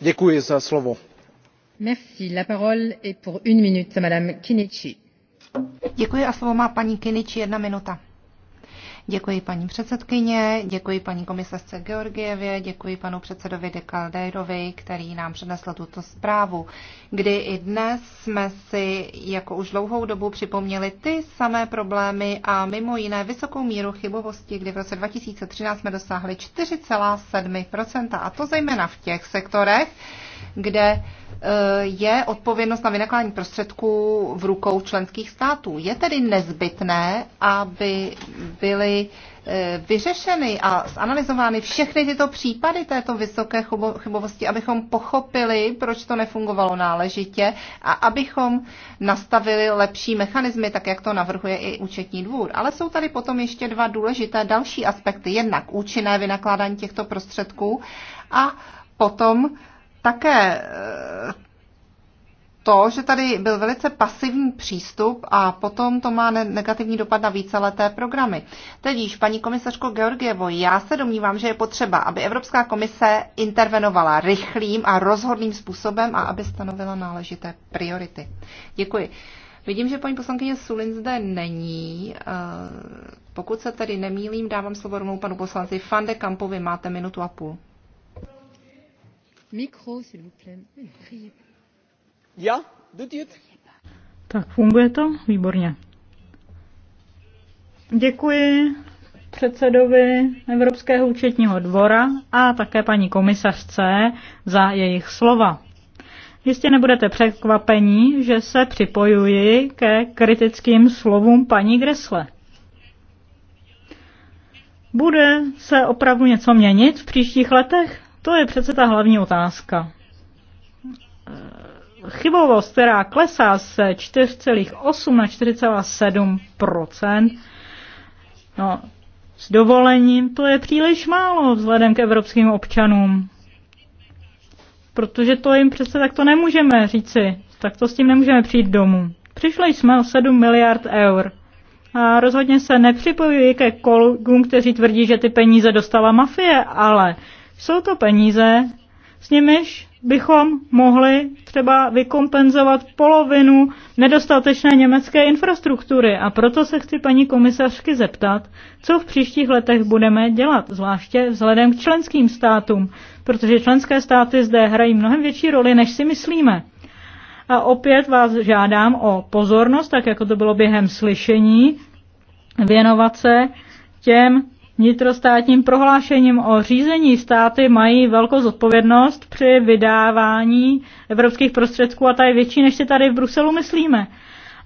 Děkuji za slovo. Děkuji a slovo má paní Kiniči, jedna minuta. Děkuji paní předsedkyně, děkuji paní komisařce Georgievě, děkuji panu předsedovi de Caldeirovi, který nám přednesl tuto zprávu, kdy i dnes jsme si jako už dlouhou dobu připomněli ty samé problémy a mimo jiné vysokou míru chybovosti, kdy v roce 2013 jsme dosáhli 4,7% a to zejména v těch sektorech, kde eh, je odpovědnost na vynakládání prostředků v rukou členských států. Je tedy nezbytné, aby byly eh, vyřešeny a zanalizovány všechny tyto případy této vysoké chybovosti, abychom pochopili, proč to nefungovalo náležitě a abychom nastavili lepší mechanismy, tak jak to navrhuje i účetní dvůr. Ale jsou tady potom ještě dva důležité další aspekty. Jednak účinné vynakládání těchto prostředků a potom také eh, to, že tady byl velice pasivní přístup a potom to má negativní dopad na víceleté programy. již, paní komisařko Georgievo, já se domnívám, že je potřeba, aby Evropská komise intervenovala rychlým a rozhodným způsobem a aby stanovila náležité priority. Děkuji. Vidím, že paní poslankyně Sulin zde není. Eh, pokud se tedy nemýlím, dávám slovo rovnou panu poslanci Fande Kampovi. Máte minutu a půl. Mikro, s'il vous plaît. Ja, Tak funguje to? Výborně. Děkuji předsedovi Evropského účetního dvora a také paní komisařce za jejich slova. Jistě nebudete překvapení, že se připojuji ke kritickým slovům paní Gresle. Bude se opravdu něco měnit v příštích letech? To je přece ta hlavní otázka. Chybovost, která klesá se 4,8 na 4,7 no, s dovolením, to je příliš málo vzhledem k evropským občanům. Protože to jim přece takto nemůžeme říci. Tak to s tím nemůžeme přijít domů. Přišli jsme o 7 miliard eur. A rozhodně se nepřipojuji ke kolegům, kteří tvrdí, že ty peníze dostala mafie, ale jsou to peníze, s nimiž bychom mohli třeba vykompenzovat polovinu nedostatečné německé infrastruktury. A proto se chci paní komisařky zeptat, co v příštích letech budeme dělat, zvláště vzhledem k členským státům, protože členské státy zde hrají mnohem větší roli, než si myslíme. A opět vás žádám o pozornost, tak jako to bylo během slyšení, věnovat se těm vnitrostátním prohlášením o řízení státy mají velkou zodpovědnost při vydávání evropských prostředků a ta je větší, než si tady v Bruselu myslíme.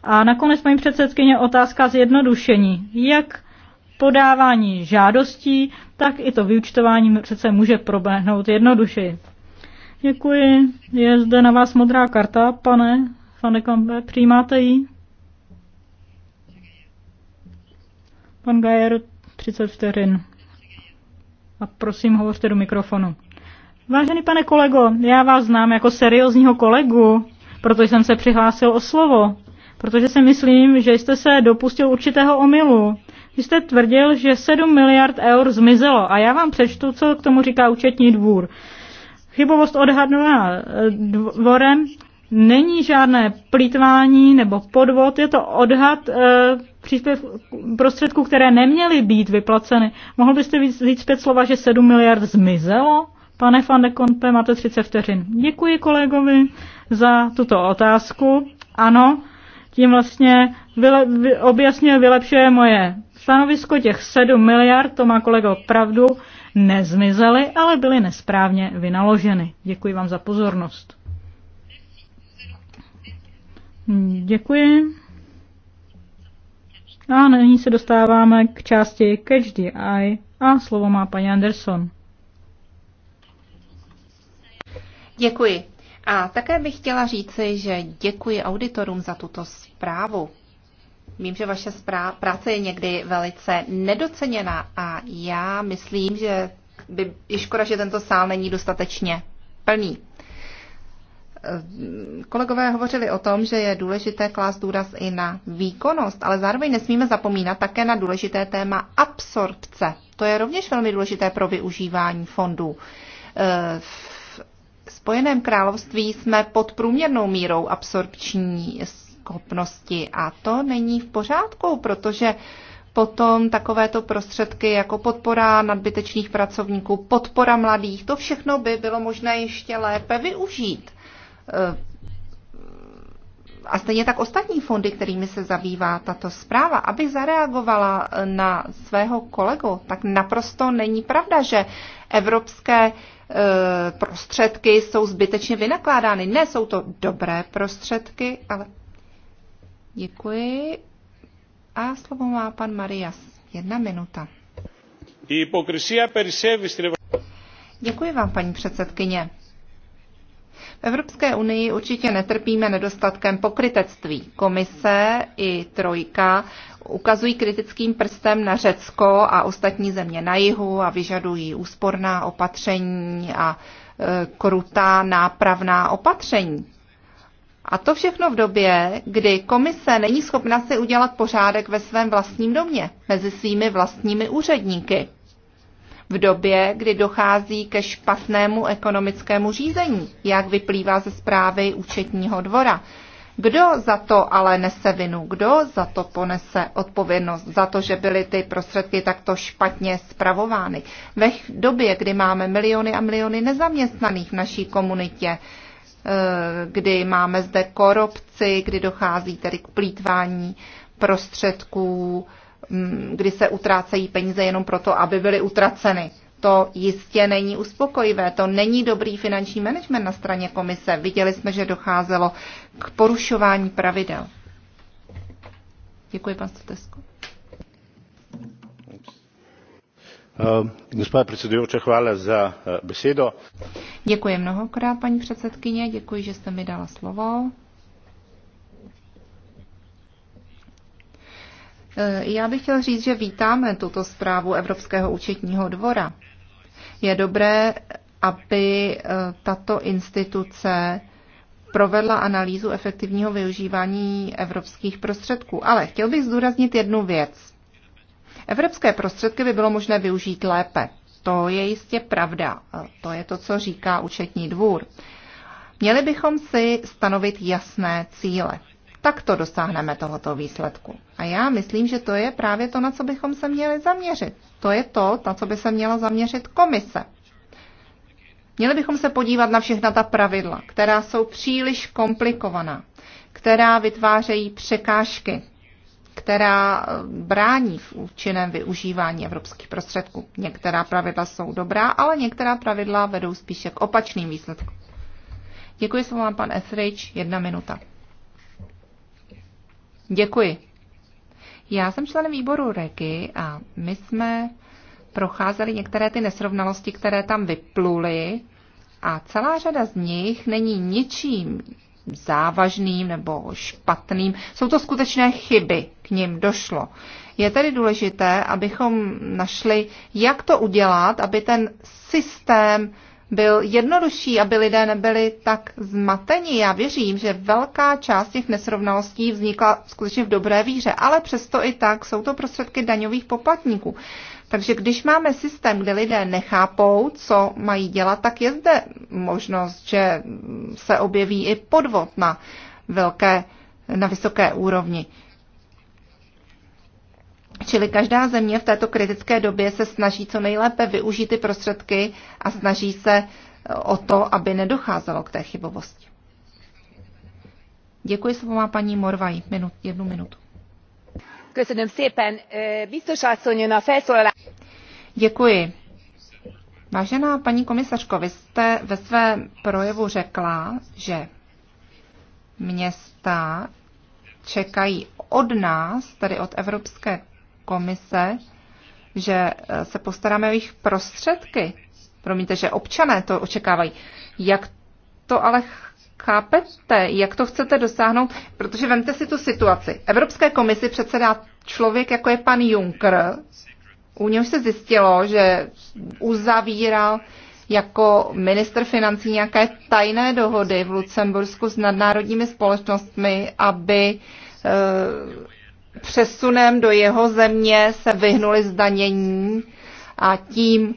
A nakonec, paní předsedkyně, otázka zjednodušení. Jak podávání žádostí, tak i to vyučtování přece může proběhnout jednodušeji. Děkuji. Je zde na vás modrá karta, pane Fanekampe. Přijímáte ji? Pan Gajer 30 vteřin. A prosím, hovořte do mikrofonu. Vážený pane kolego, já vás znám jako seriózního kolegu, protože jsem se přihlásil o slovo. Protože si myslím, že jste se dopustil určitého omylu. Vy jste tvrdil, že 7 miliard eur zmizelo. A já vám přečtu, co k tomu říká účetní dvůr. Chybovost odhadnula eh, dvorem Není žádné plítvání nebo podvod, je to odhad e, prostředků, které neměly být vyplaceny. Mohl byste říct zpět slova, že 7 miliard zmizelo? Pane van de Kompe, máte 30 vteřin. Děkuji kolegovi za tuto otázku. Ano, tím vlastně vyle, vy, objasňuje, vylepšuje moje stanovisko. Těch 7 miliard, to má kolego pravdu, nezmizely, ale byly nesprávně vynaloženy. Děkuji vám za pozornost. Hmm, děkuji. A nyní se dostáváme k části Catch the Eye a slovo má paní Anderson. Děkuji. A také bych chtěla říci, že děkuji auditorům za tuto zprávu. Vím, že vaše práce je někdy velice nedoceněná a já myslím, že by, je škoda, že tento sál není dostatečně plný kolegové hovořili o tom, že je důležité klást důraz i na výkonnost, ale zároveň nesmíme zapomínat také na důležité téma absorpce. To je rovněž velmi důležité pro využívání fondů. E, v Spojeném království jsme pod průměrnou mírou absorpční schopnosti a to není v pořádku, protože potom takovéto prostředky jako podpora nadbytečných pracovníků, podpora mladých, to všechno by bylo možné ještě lépe využít a stejně tak ostatní fondy, kterými se zabývá tato zpráva, aby zareagovala na svého kolegu, tak naprosto není pravda, že evropské e, prostředky jsou zbytečně vynakládány. Ne, jsou to dobré prostředky, ale děkuji. A slovo má pan Marias. Jedna minuta. Děkuji vám, paní předsedkyně. Evropské unii určitě netrpíme nedostatkem pokrytectví. Komise i trojka ukazují kritickým prstem na Řecko a ostatní země na jihu a vyžadují úsporná opatření a e, krutá nápravná opatření. A to všechno v době, kdy komise není schopna si udělat pořádek ve svém vlastním domě, mezi svými vlastními úředníky v době, kdy dochází ke špatnému ekonomickému řízení, jak vyplývá ze zprávy účetního dvora. Kdo za to ale nese vinu? Kdo za to ponese odpovědnost? Za to, že byly ty prostředky takto špatně spravovány. Ve době, kdy máme miliony a miliony nezaměstnaných v naší komunitě, eh, kdy máme zde korupci, kdy dochází tedy k plítvání prostředků, Mm, kdy se utrácejí peníze jenom proto, aby byly utraceny. To jistě není uspokojivé, to není dobrý finanční management na straně komise. Viděli jsme, že docházelo k porušování pravidel. Děkuji, pan Stotesko. Ehm, gospa predsedujoča, hvala za eh, besedo. Děkuji mnohokrát, paní předsedkyně, děkuji, že jste mi dala slovo. Eh, já bych chtěl říct, že vítáme tuto zprávu Evropského účetního dvora. Je dobré, aby eh, tato instituce provedla analýzu efektivního využívání evropských prostředků. Ale chtěl bych zdůraznit jednu věc. Evropské prostředky by bylo možné využít lépe. To je jistě pravda. Eh, to je to, co říká účetní dvůr. Měli bychom si stanovit jasné cíle takto dosáhneme tohoto výsledku. A já myslím, že to je právě to, na co bychom se měli zaměřit. To je to, na co by se měla zaměřit komise. Měli bychom se podívat na všechna ta pravidla, která jsou příliš komplikovaná, která vytvářejí překážky, která eh, brání v účinném využívání evropských prostředků. Některá pravidla jsou dobrá, ale některá pravidla vedou spíše k opačným výsledkům. Děkuji se vám, pan Etheridge, jedna minuta. Děkuji. Já jsem členem výboru REGI a my jsme procházeli některé ty nesrovnalosti, které tam vypluly a celá řada z nich není ničím závažným nebo špatným. Jsou to skutečné chyby, k ním došlo. Je tedy důležité, abychom našli, jak to udělat, aby ten systém byl jednodušší, aby lidé nebyli tak zmateni. Já věřím, že velká část těch nesrovnalostí vznikla skutečně v dobré víře, ale přesto i tak jsou to prostředky daňových poplatníků. Takže když máme systém, kde lidé nechápou, co mají dělat, tak je zde možnost, že se objeví i podvod na velké, na vysoké úrovni. Čili každá země v této kritické době se snaží co nejlépe využít ty prostředky a snaží se eh, o to, aby nedocházelo k té chybovosti. Děkuji, se má paní Morvaj. Minut, jednu minutu. Děkuji. Vážená paní komisařko, vy jste ve svém projevu řekla, že města čekají od nás, tedy od Evropské komise, že eh, se postaráme o jejich prostředky. Promiňte, že občané to očekávají. Jak to ale chápete, jak to chcete dosáhnout? Protože vemte si tu situaci. Evropské komisi předsedá člověk, jako je pan Juncker. U něho se zjistilo, že uzavíral jako minister financí nějaké tajné dohody v Lucembursku s nadnárodními společnostmi, aby eh, přesunem do jeho země se vyhnuli zdanění a tím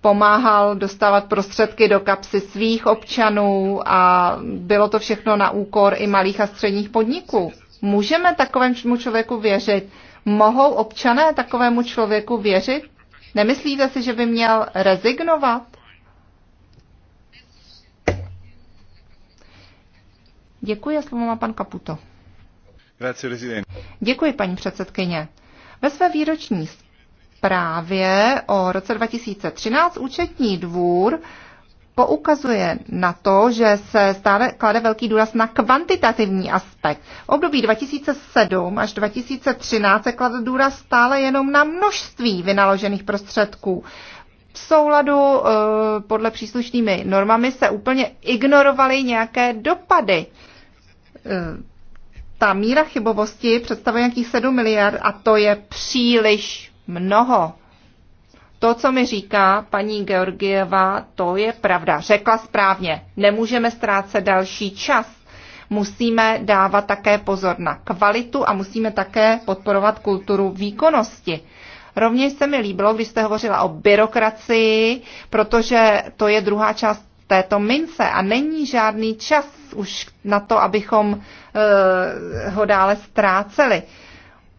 pomáhal dostávat prostředky do kapsy svých občanů a bylo to všechno na úkor i malých a středních podniků. Můžeme takovému člověku věřit? Mohou občané takovému člověku věřit? Nemyslíte si, že by měl rezignovat? Děkuji a slovo má pan Kaputo. Děkuji, paní předsedkyně. Ve své výroční zprávě o roce 2013 účetní dvůr poukazuje na to, že se stále klade velký důraz na kvantitativní aspekt. V období 2007 až 2013 se klade důraz stále jenom na množství vynaložených prostředků. V souladu eh, podle příslušnými normami se úplně ignorovaly nějaké dopady eh, ta míra chybovosti představuje nějakých 7 miliard a to je příliš mnoho. To, co mi říká paní Georgieva, to je pravda. Řekla správně. Nemůžeme ztrácet další čas. Musíme dávat také pozor na kvalitu a musíme také podporovat kulturu výkonnosti. Rovněž se mi líbilo, když jste hovořila o byrokracii, protože to je druhá část této mince a není žádný čas už na to, abychom eh, ho dále ztráceli.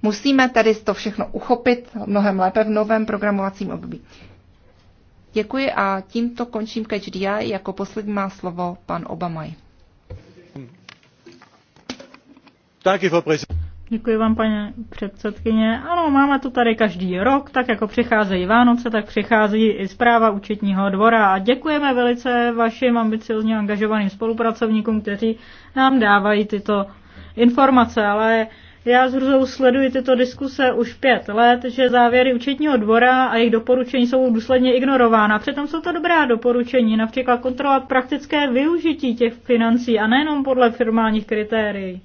Musíme tedy to všechno uchopit mnohem lépe v novém programovacím období. Děkuji a tímto končím Catch DI. Jako poslední má slovo pan Obamaj. Děkuji, Děkuji vám, paní předsedkyně. Ano, máme to tady každý rok, tak jako přicházejí Vánoce, tak přichází i zpráva účetního dvora a děkujeme velice vašim ambiciozně angažovaným spolupracovníkům, kteří nám dávají tyto informace, ale já s Hruzou sleduji tyto diskuse už pět let, že závěry účetního dvora a jejich doporučení jsou důsledně ignorována. Přitom jsou to dobrá doporučení, například kontrolovat praktické využití těch financí a nejenom podle firmálních kritérií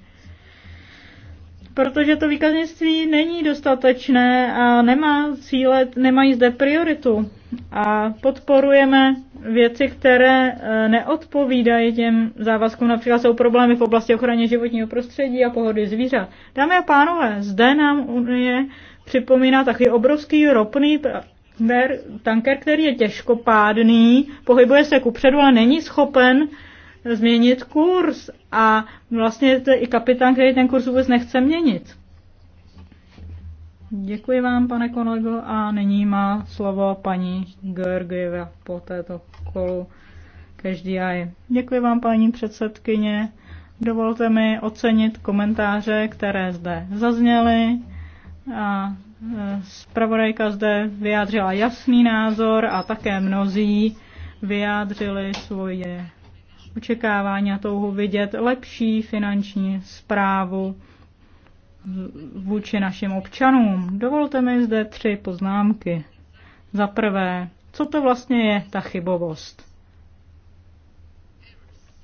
protože to výkaznictví není dostatečné a nemá cíle, nemají zde prioritu. A podporujeme věci, které e, neodpovídají těm závazkům. Například jsou problémy v oblasti ochrany životního prostředí a pohody zvířat. Dámy a pánové, zde nám Unie připomíná taky obrovský ropný tanker, který je těžkopádný, pohybuje se kupředu, ale není schopen změnit kurz a vlastně to je i kapitán, který ten kurz vůbec nechce měnit. Děkuji vám, pane kolego, a nyní má slovo paní Georgieva po této kolu každý aj. Děkuji vám, paní předsedkyně. Dovolte mi ocenit komentáře, které zde zazněly. A e, zpravodajka zde vyjádřila jasný názor a také mnozí vyjádřili svoje očekávání a touhu vidět lepší finanční zprávu vůči našim občanům. Dovolte mi zde tři poznámky. Za prvé, co to vlastně je ta chybovost?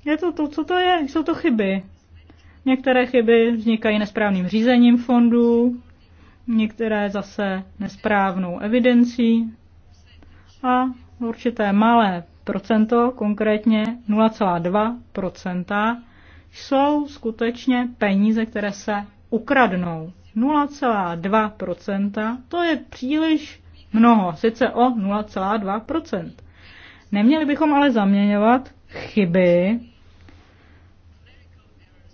Je to to, co to je? Jsou to chyby. Některé chyby vznikají nesprávným řízením fondů, některé zase nesprávnou evidencí a určité malé procento, konkrétně 0,2 jsou skutečně peníze, které se ukradnou. 0,2 to je příliš mnoho, sice o 0,2 Neměli bychom ale zaměňovat chyby,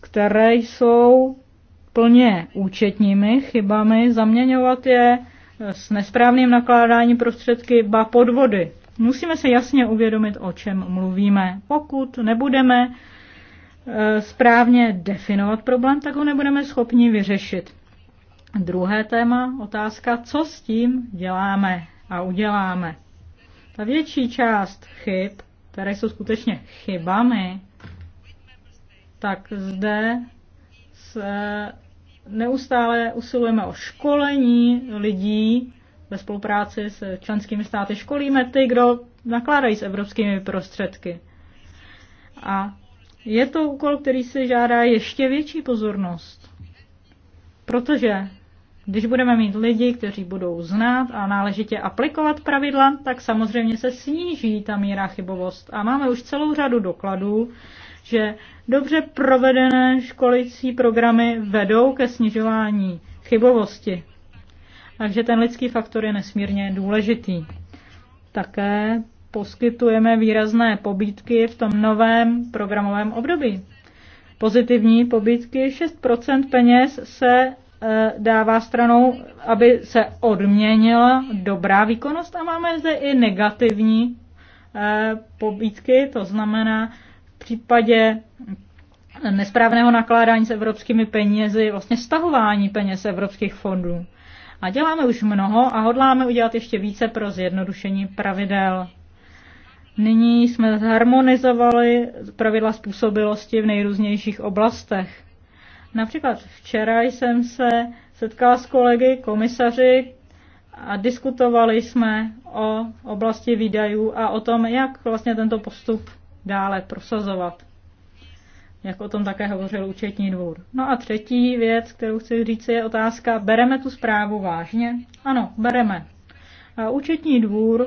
které jsou plně účetními chybami, zaměňovat je s nesprávným nakládáním prostředky, ba podvody. Musíme se jasně uvědomit, o čem mluvíme. Pokud nebudeme e, správně definovat problém, tak ho nebudeme schopni vyřešit. Druhé téma, otázka, co s tím děláme a uděláme. Ta větší část chyb, které jsou skutečně chybami, tak zde se neustále usilujeme o školení lidí ve spolupráci s členskými státy školíme ty, kdo nakládají s evropskými prostředky. A je to úkol, který si žádá ještě větší pozornost. Protože když budeme mít lidi, kteří budou znát a náležitě aplikovat pravidla, tak samozřejmě se sníží ta míra chybovost. A máme už celou řadu dokladů, že dobře provedené školicí programy vedou ke snižování chybovosti. Takže ten lidský faktor je nesmírně důležitý. Také poskytujeme výrazné pobídky v tom novém programovém období. Pozitivní pobídky 6% peněz se e, dává stranou, aby se odměnila dobrá výkonnost a máme zde i negativní e, pobídky, to znamená v případě nesprávného nakládání s evropskými penězi, vlastně stahování peněz evropských fondů. A děláme už mnoho a hodláme udělat ještě více pro zjednodušení pravidel. Nyní jsme zharmonizovali pravidla způsobilosti v nejrůznějších oblastech. Například včera jsem se setkala s kolegy komisaři a diskutovali jsme o oblasti výdajů a o tom, jak vlastně tento postup dále prosazovat jak o tom také hovořil účetní dvůr. No a třetí věc, kterou chci říct, je otázka, bereme tu zprávu vážně? Ano, bereme. A účetní dvůr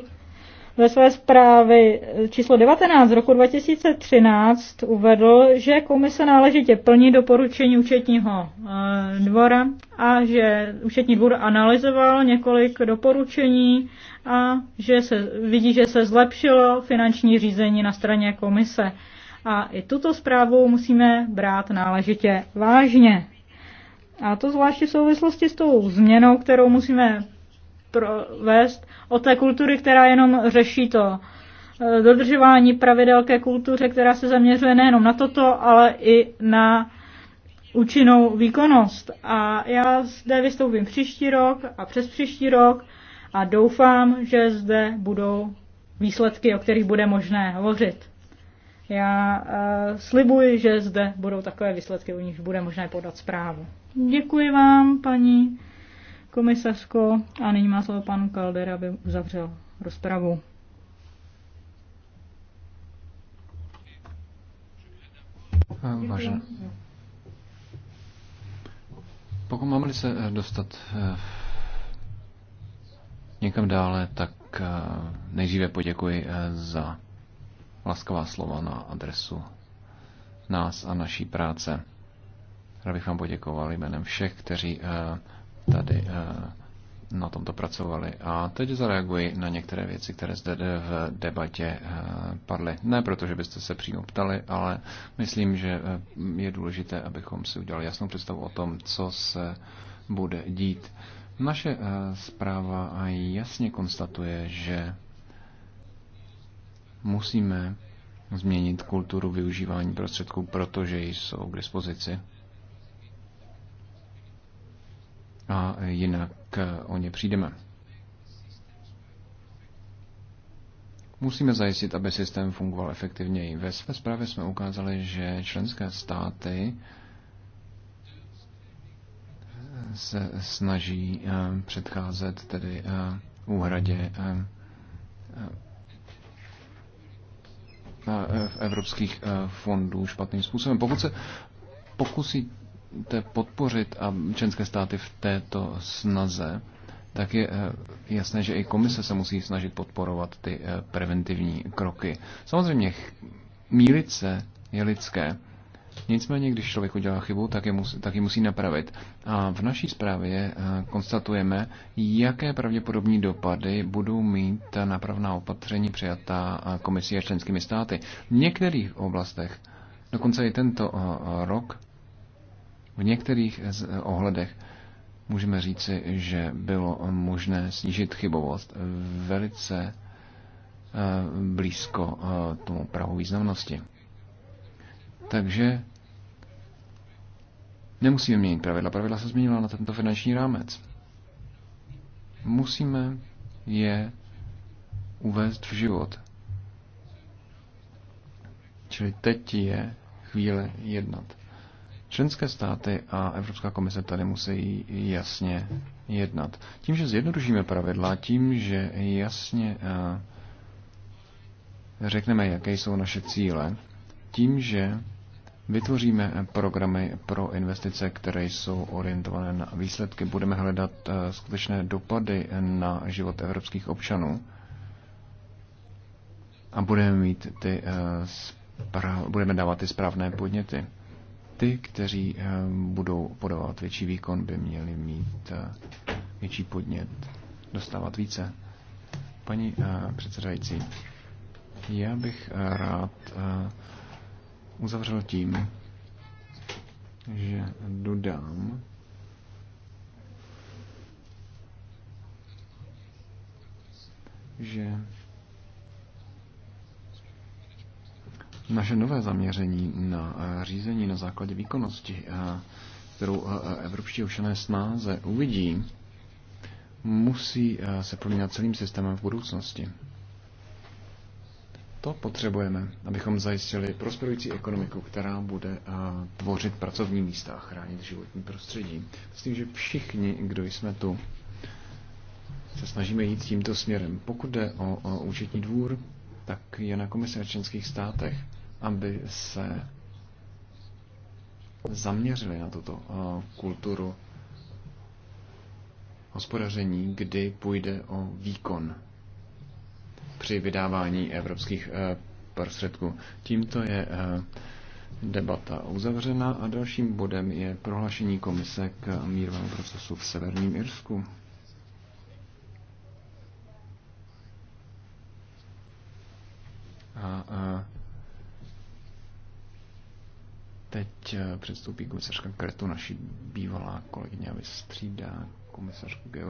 ve své zprávy číslo 19 z roku 2013 uvedl, že komise náležitě plní doporučení účetního eh, dvora a že účetní dvůr analyzoval několik doporučení a že se vidí, že se zlepšilo finanční řízení na straně komise. A i tuto zprávu musíme brát náležitě vážně. A to zvláště v souvislosti s tou změnou, kterou musíme provést od té kultury, která jenom řeší to e, dodržování pravidel ke kultuře, která se zaměřuje nejenom na toto, ale i na účinnou výkonnost. A já zde vystoupím příští rok a přes příští rok a doufám, že zde budou výsledky, o kterých bude možné hovořit. Já eh, slibuji, že zde budou takové výsledky, u nich bude možné podat zprávu. Děkuji vám, paní komisařko. A nyní má slovo pan Kalder, aby uzavřel rozpravu. Eh, Vážená. Pokud máme se eh, dostat někam dále, tak nejdříve poděkuji za laskavá slova na adresu nás a naší práce. Rád bych vám poděkoval jménem všech, kteří eh, tady eh, na tomto pracovali. A teď zareaguji na některé věci, které zde v debatě eh, padly. Ne proto, že byste se přímo ptali, ale myslím, že je důležité, abychom si udělali jasnou představu o tom, co se bude dít. Naše zpráva jasně konstatuje, že Musíme změnit kulturu využívání prostředků, protože jsou k dispozici. A jinak eh, o ně přijdeme. Musíme zajistit, aby systém fungoval efektivněji. Ve své zprávě jsme ukázali, že členské státy eh, se snaží eh, předcházet tedy úhradě Eh, v evropských eh, fondů špatným způsobem. Pokud se pokusíte podpořit a členské státy v této snaze, tak je eh, jasné, že i komise se musí snažit podporovat ty preventivní kroky. Samozřejmě mílit se je lidské, Nicméně, když člověk udělá chybu, tak, ji musí, tak ji musí napravit. A v naší zprávě eh, konstatujeme, jaké pravděpodobní dopady budou mít ta napravná opatření přijatá eh, komisí a členskými státy. V některých oblastech, dokonce i tento eh, rok, v některých ohledech můžeme říci, že bylo možné snížit chybovost velice blízko tomu prahu významnosti. Takže Nemusíme měnit pravidla. Pravidla se změnila na tento finanční rámec. Musíme je uvést v život. Čili teď je chvíle jednat. Členské státy a Evropská komise tady musí jasně jednat. Tím, že zjednodušíme pravidla, tím, že jasně eh, řekneme, jaké jsou naše cíle, tím, že Vytvoříme eh, programy pro investice, které jsou orientované na výsledky. Budeme hledat eh, skutečné dopady eh, na život evropských občanů a budeme mít ty, budeme dávat ty správné podněty. Ty, kteří budou podávat větší výkon, by měli mít větší podnět, dostávat více. Paní předsedající, já bych rád uzavřel tím, že dodám, že naše nové zaměření na eh, řízení na základě výkonnosti, eh, kterou eh, evropští občané snáze uvidí, musí se promínat celým systémem v budoucnosti to potřebujeme, abychom zajistili prosperující ekonomiku, která bude eh, tvořit pracovní místa a chránit životní prostředí. Myslím, že všichni, kdo jsme tu, se snažíme jít tímto směrem. Pokud jde o, o účetní dvůr, tak je na komise členských státech, aby se zaměřili na tuto eh, kulturu hospodaření, kdy půjde o výkon při vydávání evropských eh, prostředků. Tímto je eh, debata uzavřena a dalším bodem je prohlášení komise k mírovému procesu v Severním Irsku. A, a eh, teď předstoupí komisařka Kretu, naší bývalá kolegyně, aby střídá komisařku Georg.